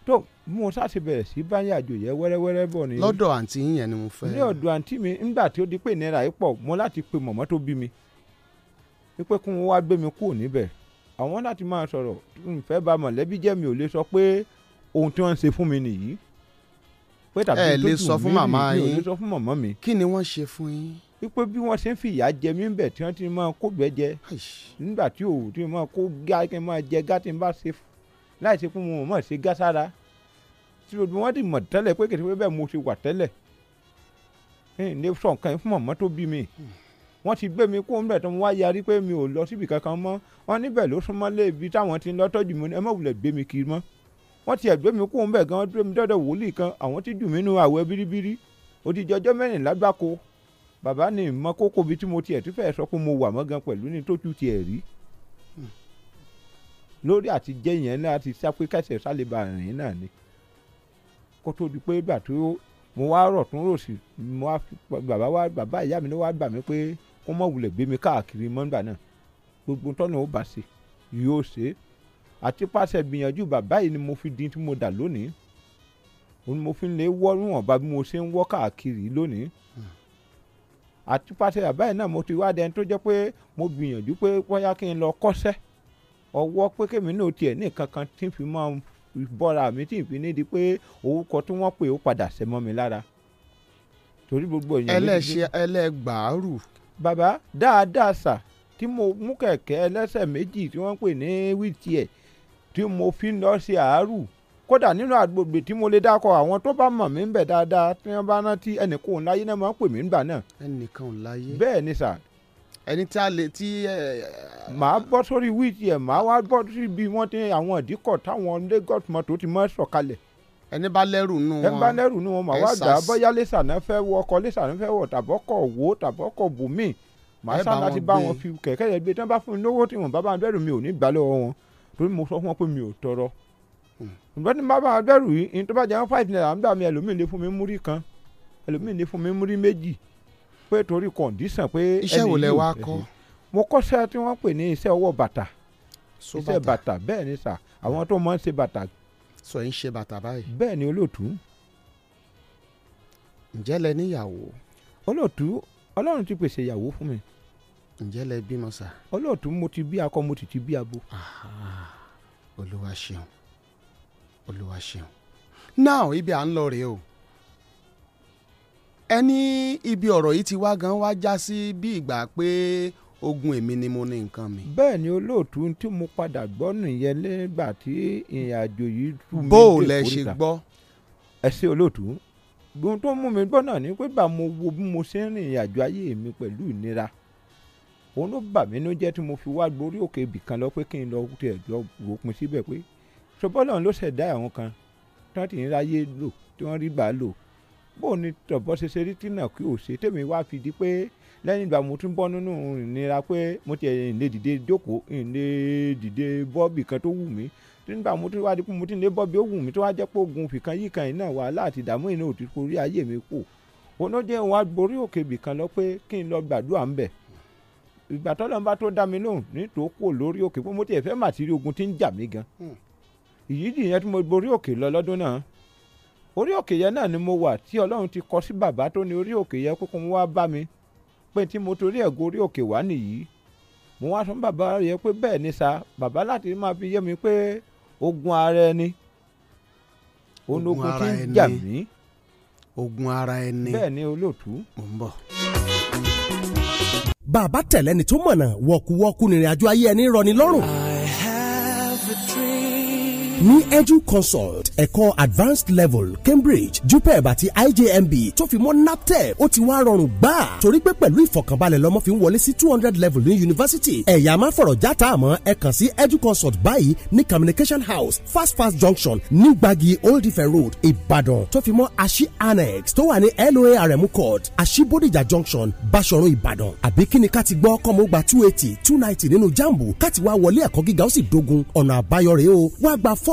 tó mo sáti bẹ̀rẹ̀ sí báyà àjò yẹn wẹ́rẹ́wẹ́rẹ́ bọ̀ ni. lọ́dọ̀ àǹtí yẹn ni mo fẹ́. ní ọ̀dọ̀ àǹtí mi ńgbà tí ó di pé ìnira yìí pọ̀ mo láti pe mọ̀mọ́ tó bí mi pípẹ́ kún wọn wá gbé mi kúrò níbẹ̀ àwọn láti máa sọ̀rọ̀ ìfẹ́ bá mọ̀lẹ́bí jẹ́ mi ò lè sọ pé ohun tí wọ́n ń ṣe fún mi nìyí pé tàbí tó tù mí mi ò lè sọ fún màmá mi. kí ni wọ́n ṣe fún yín. wípé bí wọ́n ṣe ń fi ìyà jẹ mí bẹ̀ tí wọ́n ti máa kó gbẹ jẹ nígbà tí òwò tí máa kó gá kí n máa jẹ gá tí n bá ṣe láì ṣe fún wọn mọ̀ ṣe gá sára tí gbogbo wọn ti mọ̀ tẹ́lẹ̀ pé kìtìpé bẹ́ẹ̀ mo ṣe wà tẹ́lẹ̀ ní sọ̀kan fún màmá tó bí mi. Hmm wọ́n ti gbé mi kó ń bẹ̀ tó mo wá yarí pé mi ò lọ síbi kankan mọ́ wọ́n níbẹ̀ ló súnmọ́ lé ibi táwọn ti ń lọ tọ́jú mi ẹ má wulẹ̀ gbé mi kiri mọ́ wọ́n ti ẹ̀gbẹ́ mi kó ń bẹ̀ gan wọ́n gbé mi dọ́dọ̀ wòlíì kan àwọn ti dùn mí nú àwẹ̀ bíríbírí odidi ọjọ́ mẹ́rìnlá gbáko bàbá ni mọ kókó bi tí mo tiẹ̀ tún fẹ́ sọ pé mo wà mọ́ gan pẹ̀lú ní tó tún tiẹ̀ rí hmm. lórí àti jẹ́ yẹn náà àti sápé kẹsẹ̀ sálébà rìn náà ni kó tó di pé ìgbà tó mo wá rọ̀ tún rò sí mo wá bàbá wá bàbá ìyá mi ló wá gbà mí pé kó mọ̀ wulẹ̀ gbé mi káàkiri mọ́ngbà náà gbogbo tọ́nà ó bá ṣe yóò ṣe é àti pàṣẹ gbìyànjú bàbá yìí ni mo fi dín tí mo dà lónìí òun mo fi lè wọ́ níwọ̀nba bí mo ṣe ń wọ́ káàkiri lónìí hmm. àti pàṣẹ bàbá yìí náà mo ti wá dẹni tó jẹ́ pé mo gbìyànjú pé bóyá kí n lọ kọ́ṣẹ́ ọwọ́ pé kémi náà tiẹ̀ ní kankan tí n fi máa bọ́ra mi tí n fi ní di pé orúkọ tí wọ́n pè ó padà ṣẹ mọ́ mi lára torí gbogbo èèyàn. ẹlẹ́ṣẹ̀ ẹlẹ́gbàárù baba dáadáa sà tí mo mú kẹ̀kẹ́ ẹlẹ́sẹ̀ méjì tí wọ́n ń pè ní wíìtìẹ̀ tí mo fi lọ sí àárù kódà nínú àgbègbè tí mo lè dákọ àwọn tó bá mọ̀ mí ń bẹ̀ dáadáa tí wọ́n bá rántí ẹnìkan láyé náà máa ń pè mí ńgbà náà. ẹnìkan láyé. bẹ́ẹ̀ ni sà ẹni tí a lè tí. màá bọ́ sórí wíìtì ẹ̀ màá wá bọ́ síbi wọ́n ti àwọn ìdíkọ̀ táwọn Lagos mọ́tò ti mọ́ sọ̀kalẹ̀. So ẹni bá lẹ́rù nù wọn ẹni bá lẹ́rù nù wọn màá wá dà á bóyá lẹ́sànán fẹ́ wọ ọkọ lẹ́sànán fẹ́ wọ tàbọ́kọ̀ wo tàbọ́kọ̀ bùnmí màá sàn láti bá wọn fi kẹ̀kẹ́ yẹn gbé tí wọ́n bá fún mi lówó tí wọ́n bá bá ń bẹ̀rù mi ò ní gbà lọ́wọ́ wọn torí mo sọ fún wọn pé mi ò tọrọ hmm. ṣùgbọ́n tí n bá bá bẹ̀rù yìí ní tó bá jẹ́ wọn five naira ń gbà mí ẹlòmíì lè fún mi múrí kan ẹlòmíì lè fún mi múrí méjì pé torí kọ̀ǹdíṣàn pé ẹni yìí iṣẹ́ wo lẹ wá kọ́ mo kọ́ṣẹ́ tí wọ́n pè ní iṣẹ́ ọwọ́ bàtà iṣẹ́ bàtà bẹ́ẹ̀ ni sà àwọn tó máa ń ṣe bàtà sọ ẹ̀ ń ṣe bàtà báyìí. bẹ́ẹ̀ ni olóòtú. ǹjẹ́ lẹ níyàwó. olóòtú ọlọ́run ti pèsè ìyàwó fún mi. ǹjẹ́ lẹ bímọ sà. olóòtú mo ti bí akọ mo ti ti bí abo. olúwa ṣeun olúwa ṣeun now ibi à ń lọ rèé o ẹni ibi ọ̀rọ̀ yìí ti wá gan wá já sí bí ìgbà pé ogun èmi ni mo ní nǹkan mi. bẹ́ẹ̀ ni olóòtú tí mo padà gbọ́ nìyẹn nígbà tí ìrìn àjò yìí tú mi dé lẹ ṣe gbọ́. ẹ ṣe olóòtú ohun tó mú mi gbọ́ náà ni pé bá mo wo bí mo ṣe ń rìn ìrìn ayé mi pẹ̀lú ìnira òun ló bà mí lójẹ́ tí mo fi wá gborí òkè ibì kan lọ pé kí n lọ tiẹ̀ lọ ròpin síbẹ̀ pé ṣọbọ́lọ́run ló ṣẹ̀dá àwọn kan tí wọ́n ti ń ráyé lò tí wọ́n rí gbà lò bóun ni tọ̀bọ́ ṣe ṣe rí tínà kí ò ṣe tèmi wá fi di pé lẹ́yìn ìgbà mo tún bọ́ nínú ìnira pé mo ti ìlé dìde jókòó ìlé dìde bọ́ọ̀bì kan tó wù mí nígbà mo tún wá di pé mo ti ìlé bọ́ọ̀bì ó wù mí tó wá jẹ́ pé ogun fìkan yìí kan iná wà láti dààmú ìná òtún orí ayé mi kù òun ló jẹ́ òun agbórí òkè bìkan lọ pé kí n lọ gbàdúrà ń bẹ̀ ìgbà tọ́lọ́mbà tó dá mi lóhùn nítorí kò lórí òkè pé mo ti ẹ̀fẹ́ màtírí ogun ti ń jà mí gan hmm. ìyídì yẹn tí mo borí òkè lọ lọ́dún náà orí òkè yẹn náà ni mo wà tí ọlọ́run ti kọ sí bàbá tó ní orí òkè yẹn kókó mo wá bá mi pé tí mo torí ẹ̀ gorí òkè wá nìyí mo wá sọ bàbá yẹn pé bẹ́ẹ̀ ni sa bàbá láti máa fi yé mi pé ogun ara ẹni onogun tí ń ogun ara ẹni bẹ́ẹ̀ ni olóòtú. mo ń bọ̀ bàbá tẹ̀lẹ́ni tó mọ̀nà wọ̀kúwọ́kú nìrìnàjò ayé ẹni rọ̀ ni lọ́rùn. Ah ní edu consult ẹ̀kọ́ advanced level cambridge jupeb àti ijmb tó fi mọ́ natep ó ti wá rọrùn gbà torí pé pẹ̀lú ìfọ̀kànbalẹ̀ lọ́mọ fi ń wọlé sí two hundred level ní yunifásitì ẹ̀yà máa fọ̀rọ̀ játa àmọ́ ẹ kàn sí edu consult báyìí ní communication house fast fast junction ní gbagi old ife road ìbàdàn tó fi mọ́ aṣí annex tó wà ní loarm court Ashi bodija junction basoro ìbàdàn àbí kíni ká ti gbọ́ kọ́mọ́ gba two eighty two ninety nínú jambu ká ti wá wọlé ẹ̀kọ́ gíga ó sì dogun ọ̀nà àbáyọ rèé o wá gba four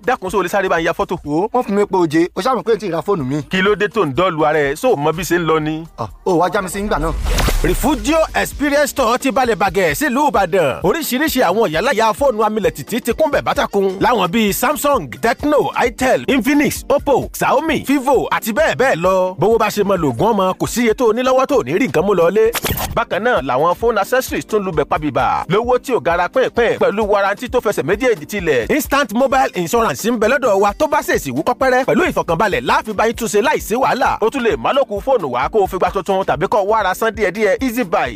bẹ́ẹ̀ dákun sóò lè sáré bá ń ya fọ́tò. wo wọn fún mi pé oje o ṣàmùpé ti ra fóònù mi. kí ló dé tó ń dọ́ọ̀lù ara ẹ̀ sóò mọ bí ṣe ń lọ ni. ọ ah, ò wá já mi sí nígbà náà. Refugio Experience Store ti balẹ̀ bàgẹ́ sílùú Ìbàdàn oríṣiríṣi àwọn ìyálàyà fóònù amilẹ̀ títí ti kún bẹ̀ bátakùn láwọn bíi Samsung Tecno Itel Infinix Oppo Xiaomi Vivo àti bẹ́ẹ̀ bẹ́ẹ̀ lọ bówó bá ṣe mọ lògùn ọmọ kò síye tó ní lọ́wọ́ tó ní rí nǹkan mú lọlé bákan náà làwọn fóònù accessories tún lubẹ̀ pabìbà lówó tí ò gara pẹ́ẹ́pẹ́ẹ́ pẹ̀lú warranty tó fẹsẹ̀ méjèèjì tilẹ̀ instant mobile insurance ń bẹ lọ́dọ̀ wa tó bá ṣèṣì wú kọ́pẹ́rẹ́ pẹ̀lú ìfọ̀kànbalẹ̀ láàfin báyìí túnṣe láìsí wàhálà ó tún lè má lókun fóònù wá kó o fi gba tuntun tàbí kọ́ wára sán díẹ̀díẹ̀ Easy buy.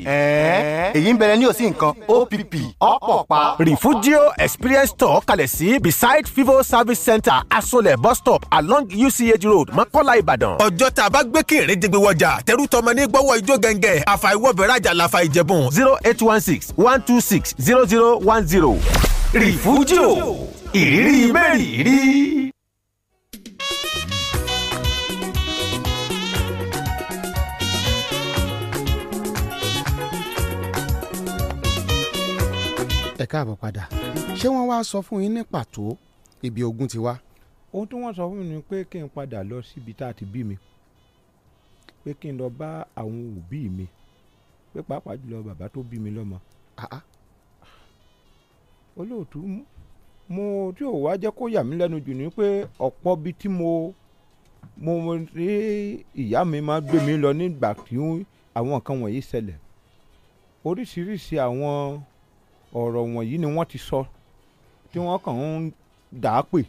èyí ń bẹ̀rẹ̀ ní òsì nǹkan opp ọ̀pọ̀ refugio experience store kalẹ̀ sí beside vivo service center asolẹ̀ bus stop along uch road mọ́kọ́lá ìbàdàn. ọjọ́ tá a bá gbé kéré jẹgbẹ́ wọjà tẹrú tọmọ ní gbọ́wọ́ ijó gẹ́ngẹ́ àfàìwọ́bẹ̀rajà làfà ìjẹ̀bùn. zero eight one six one two six zero zero one zero. refugio ìrírí mẹ́rin ẹ káàbọ̀ padà ṣé wọ́n wá sọ fún yín ní pàtó ibi ogun ti wá. ohun tí wọ́n sọ fún mi ni pé kí n padà lọ síbi tá a ti bí mi pé kí n lọ bá àwọn òbí mi pé pàápàá jùlọ bàbá tó bí mi lọ́mọ. olóòtú mo tí ò wá jẹ́ kó yà mí lẹ́nu jù ni pé ọ̀pọ̀ bíi tí mo mo rí ìyá mi máa gbé mi lọ nígbà tí àwọn nǹkan wọ̀nyí ṣẹlẹ̀ oríṣiríṣi Àwọn ọ̀rọ̀ wọ̀nyí ni wọ́n ti sọ tí wọ́n kàn ń dà á pè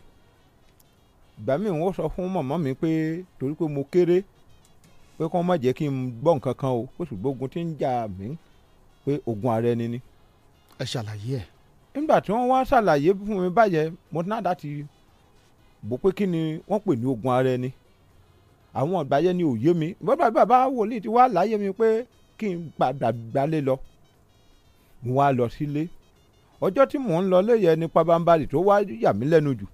ìgbà míì wọ́n sọ fún mọ̀mọ́ mi pé torí pé mo kéré pé kọ́ má jẹ́ kí n gbọ́ nǹkan kan o pé ṣùgbọ́n ogun tí ń jà mí pé ogun ara ẹni ni. ẹ ṣàlàyé ẹ. nígbà tí wọ́n wá ṣàlàyé fún mi báyẹn mo náà dá ti bò pé kí ni wọ́n pè ní ogun ara ẹni àwọn ìgbà yẹn ni òye mi bàbá bàbá wòlíì ti wá láyé mi pé kí n gbàgbà gbalé lọ mo wá lọ sílé ọjọ́ tí mò ń lọ léyẹ ní pabambarì tó wá yà mí lẹ́nu jù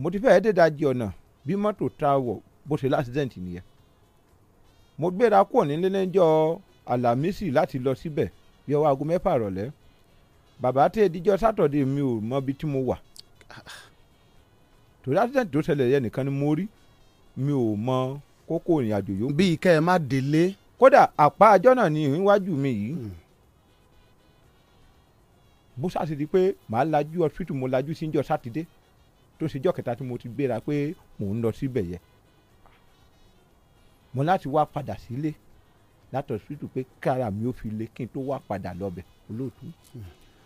mo ti fẹ́ẹ́ dédajì ọ̀nà bí mọ́tò ta wọ̀ bó ṣe lásìdẹ̀ǹtì nìyẹn mo gbéra kúrò nílé lẹ́jọ́ àlàmísì láti lọ síbẹ̀ bí ọwọ́ aago mẹ́fà rọ̀lẹ́ bàbá tí ìdíjọ́ sátọ̀dé mi ò mọ ibi tí mo wà torí lásìdẹ̀ǹtì tó ṣẹlẹ̀ yẹn nìkan ni mo rí mi ò mọ kókó ìrìn yòókù. bíi kẹ́ ẹ má délé kódà àpá àjọ náà ni ìwájú mi yìí hmm. bó ṣáàṣì di pé màá lajú ọsítù mo lajú sí ìjọ sátidé tó ṣe jọ kẹta tí mo ti gbéra pé mò ń lọ síbẹ̀ yẹn mo láti wá padà sílé látọ̀ sítù pé kára mi ò fi le kí n tó wá padà lọ́bẹ̀ olóòtú hmm.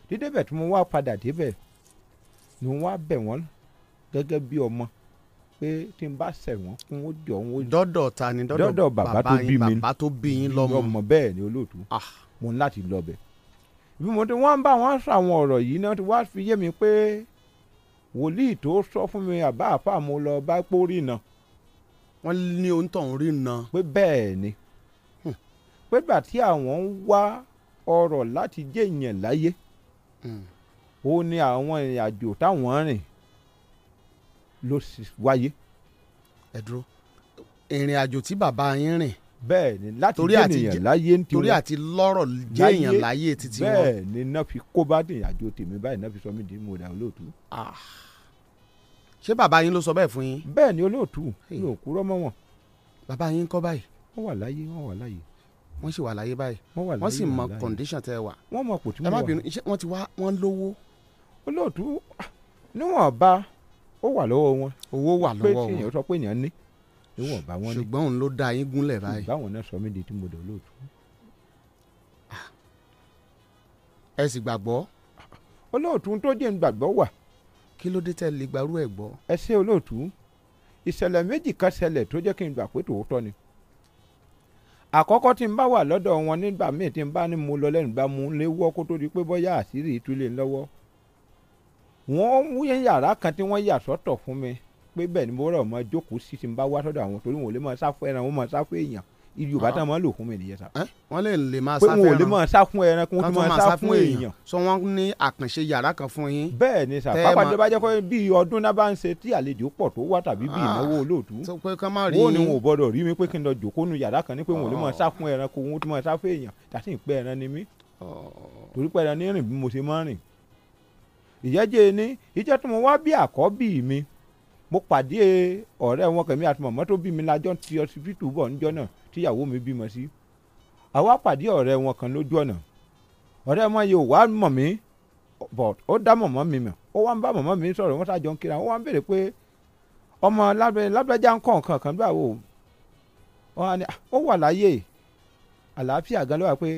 dídébẹ̀ tí mo wá padà débẹ̀ ni wọ́n á bẹ̀ wọ́n gẹ́gẹ́ bí ọmọ pé tí n bá ṣẹ̀ wọ́n kí wọ́n jọ wọ́n. dọ́dọ̀ ta ni dọ́dọ̀ bàbá tó bí mi bàbá tó bí yín lọ́mọ. lọ́mọ bẹ́ẹ̀ ni olóòtú ah. mo ní láti lọ bẹ̀. bí mo ti wọ́n ń bá wọn sọ àwọn ọ̀rọ̀ yìí náà ti wá fi yé mi pé wòlíì tó sọ fún mi àbá àfà mo lọ bá pórí náà wọ́n ní oúntàn rí na. pé bẹ́ẹ̀ ni hmm. pé gbà tí àwọn ń wá ọrọ̀ láti jẹ́ èèyàn láyé hmm. ó ní àwọn ìrìn táwọn rìn ló sì wáyé. ẹ dúró ìrìn àjò tí bàbá yín rìn. bẹ́ẹ̀ni láti jẹnìyàn láyé ń tiwọn torí àti lọ́rọ̀ jẹyàn láyé títí wọn. bẹ́ẹ̀ni náà fi kó bá dìyàn àjò tèmi báyìí náà fi sọ mí di mo dà olóòtú. ṣé bàbá yín ló sọ bẹ́ẹ̀ fún yín. bẹ́ẹ̀ni olóòtú mi ò kúrò mọ́ wọn. bàbá yín kọ́ báyìí. wọ́n wà láyé wọ́n wà láyé wọ́n sì wà láyé báyìí wọ́n sì mọ condition tẹ́ wà. wọ́n mọ kò tí mo wà ẹ má bínú iṣẹ́ wọn ti wá wọ́n lówó. olóòtú ah, níwọ̀nba ó wà lọ́wọ́ wọn owó wà lọ́wọ́ wọn pé èèyàn sọ pé èèyàn ní níwọ̀n bá wọn ní. ṣùgbọ́n òun ló da yín gúnlẹ̀ báyìí. báwọn náà sọ mí di tí mo dò lóòtú. Ah. ẹ sì gbàgbọ́. olóòtú tó jẹ́ ń gbàgbọ́ wà. kí ló dé tẹ́ lè gbarú ẹ̀ gbọ́. ẹ ṣe olóòtú ìṣẹ̀lẹ̀ méjì kan ṣẹlẹ̀ tó jẹ́ kí n gbà pé tòótọ́ ni àkọ́kọ́ tí n bá wà lọ́dọ̀ wọn nígbà míì tí n bá ní mo lọ lẹ́nu bá mu lé wọ́ kó tó di pé bọ́yá àṣírí ìtúlẹ̀ lọ́wọ́ wọ́n mú yàrá kan tí wọ́n yà sọ́tọ̀ fún mi pé bẹ́ẹ̀ ni mo rọ̀ mọ́ jókòó sí ti ń bá wá sọ́dọ̀ àwọn torí wọn ò lè máa sá fún ẹran wọn máa sá fún èèyàn ibi ò bá ah. tán máa lò fún mi nìyẹn sá. wọ́n lè lè máa sá fún ẹran pé wọn ò lè máa sá fún ẹran kí wọ́n tún máa sá fún èèyàn. sọ wọn ní àkànṣe yàrá kan fún yín. bẹ́ẹ̀ ni sà pápá tó bá jẹ́ pé bí ọdún náà bá ń ṣe tí àlejò pọ̀ tó wá tàbí bí ah. ìnáwó olóòtú. wọ́n ní wọn ò gbọ́dọ̀ rí mi pé kí n lọ jòkónú yàrá kan ní pé wọn ò lè máa sá oh. fún ẹran kó wọn tún máa sá fún èèyàn tàbí ìpẹ́ ẹran ni mí oh. torí ẹran ní rìn bí mo ṣe máa rìn ìyẹ́jẹ́ ni ìjẹ́ tó mo wá bí àkọ́bí mi mo pàdé ọ̀rẹ́ wọn kẹ̀mí àti mọ̀mọ́ tó bí mi lájọ́ ti ọsibítù bọ̀ níjọ́ náà tíyàwó mi bímọ sí àwa pàdé ọ̀rẹ́ wọn kan lójú ọ̀nà ọ̀rẹ́ wọn yóò wá mọ̀ mí but ó dá mọ̀mọ́ mi mọ̀ ó wá ń bá mọ̀mọ́ mi sọ̀rọ̀ wọ́n ṣàjọ ń kíra wọ́n wá ń béèrè pé ọmọ lábẹ́jà ń kàn kàn kàn bí àwò ó wà láyé àlàáfíà gan ló wà pé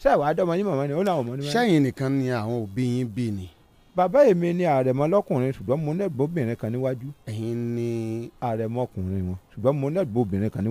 ṣé ìwà àdọ́mọ yín mọ̀mọ́ ni ó láwọn ọmọ ni. sẹ́yìn nìkan ni àwọn òbí yín bí ni bàbá èmi ni àrẹ̀mọ lọ́kùnrin ṣùgbọ́n mo nẹ́gbọ́ obìnrin kan níwájú. ẹ̀yin ni. àrẹ̀mọ ọkùnrin wọn ṣùgbọ́n mo nẹ́gbọ́ obìnrin kan níwájú.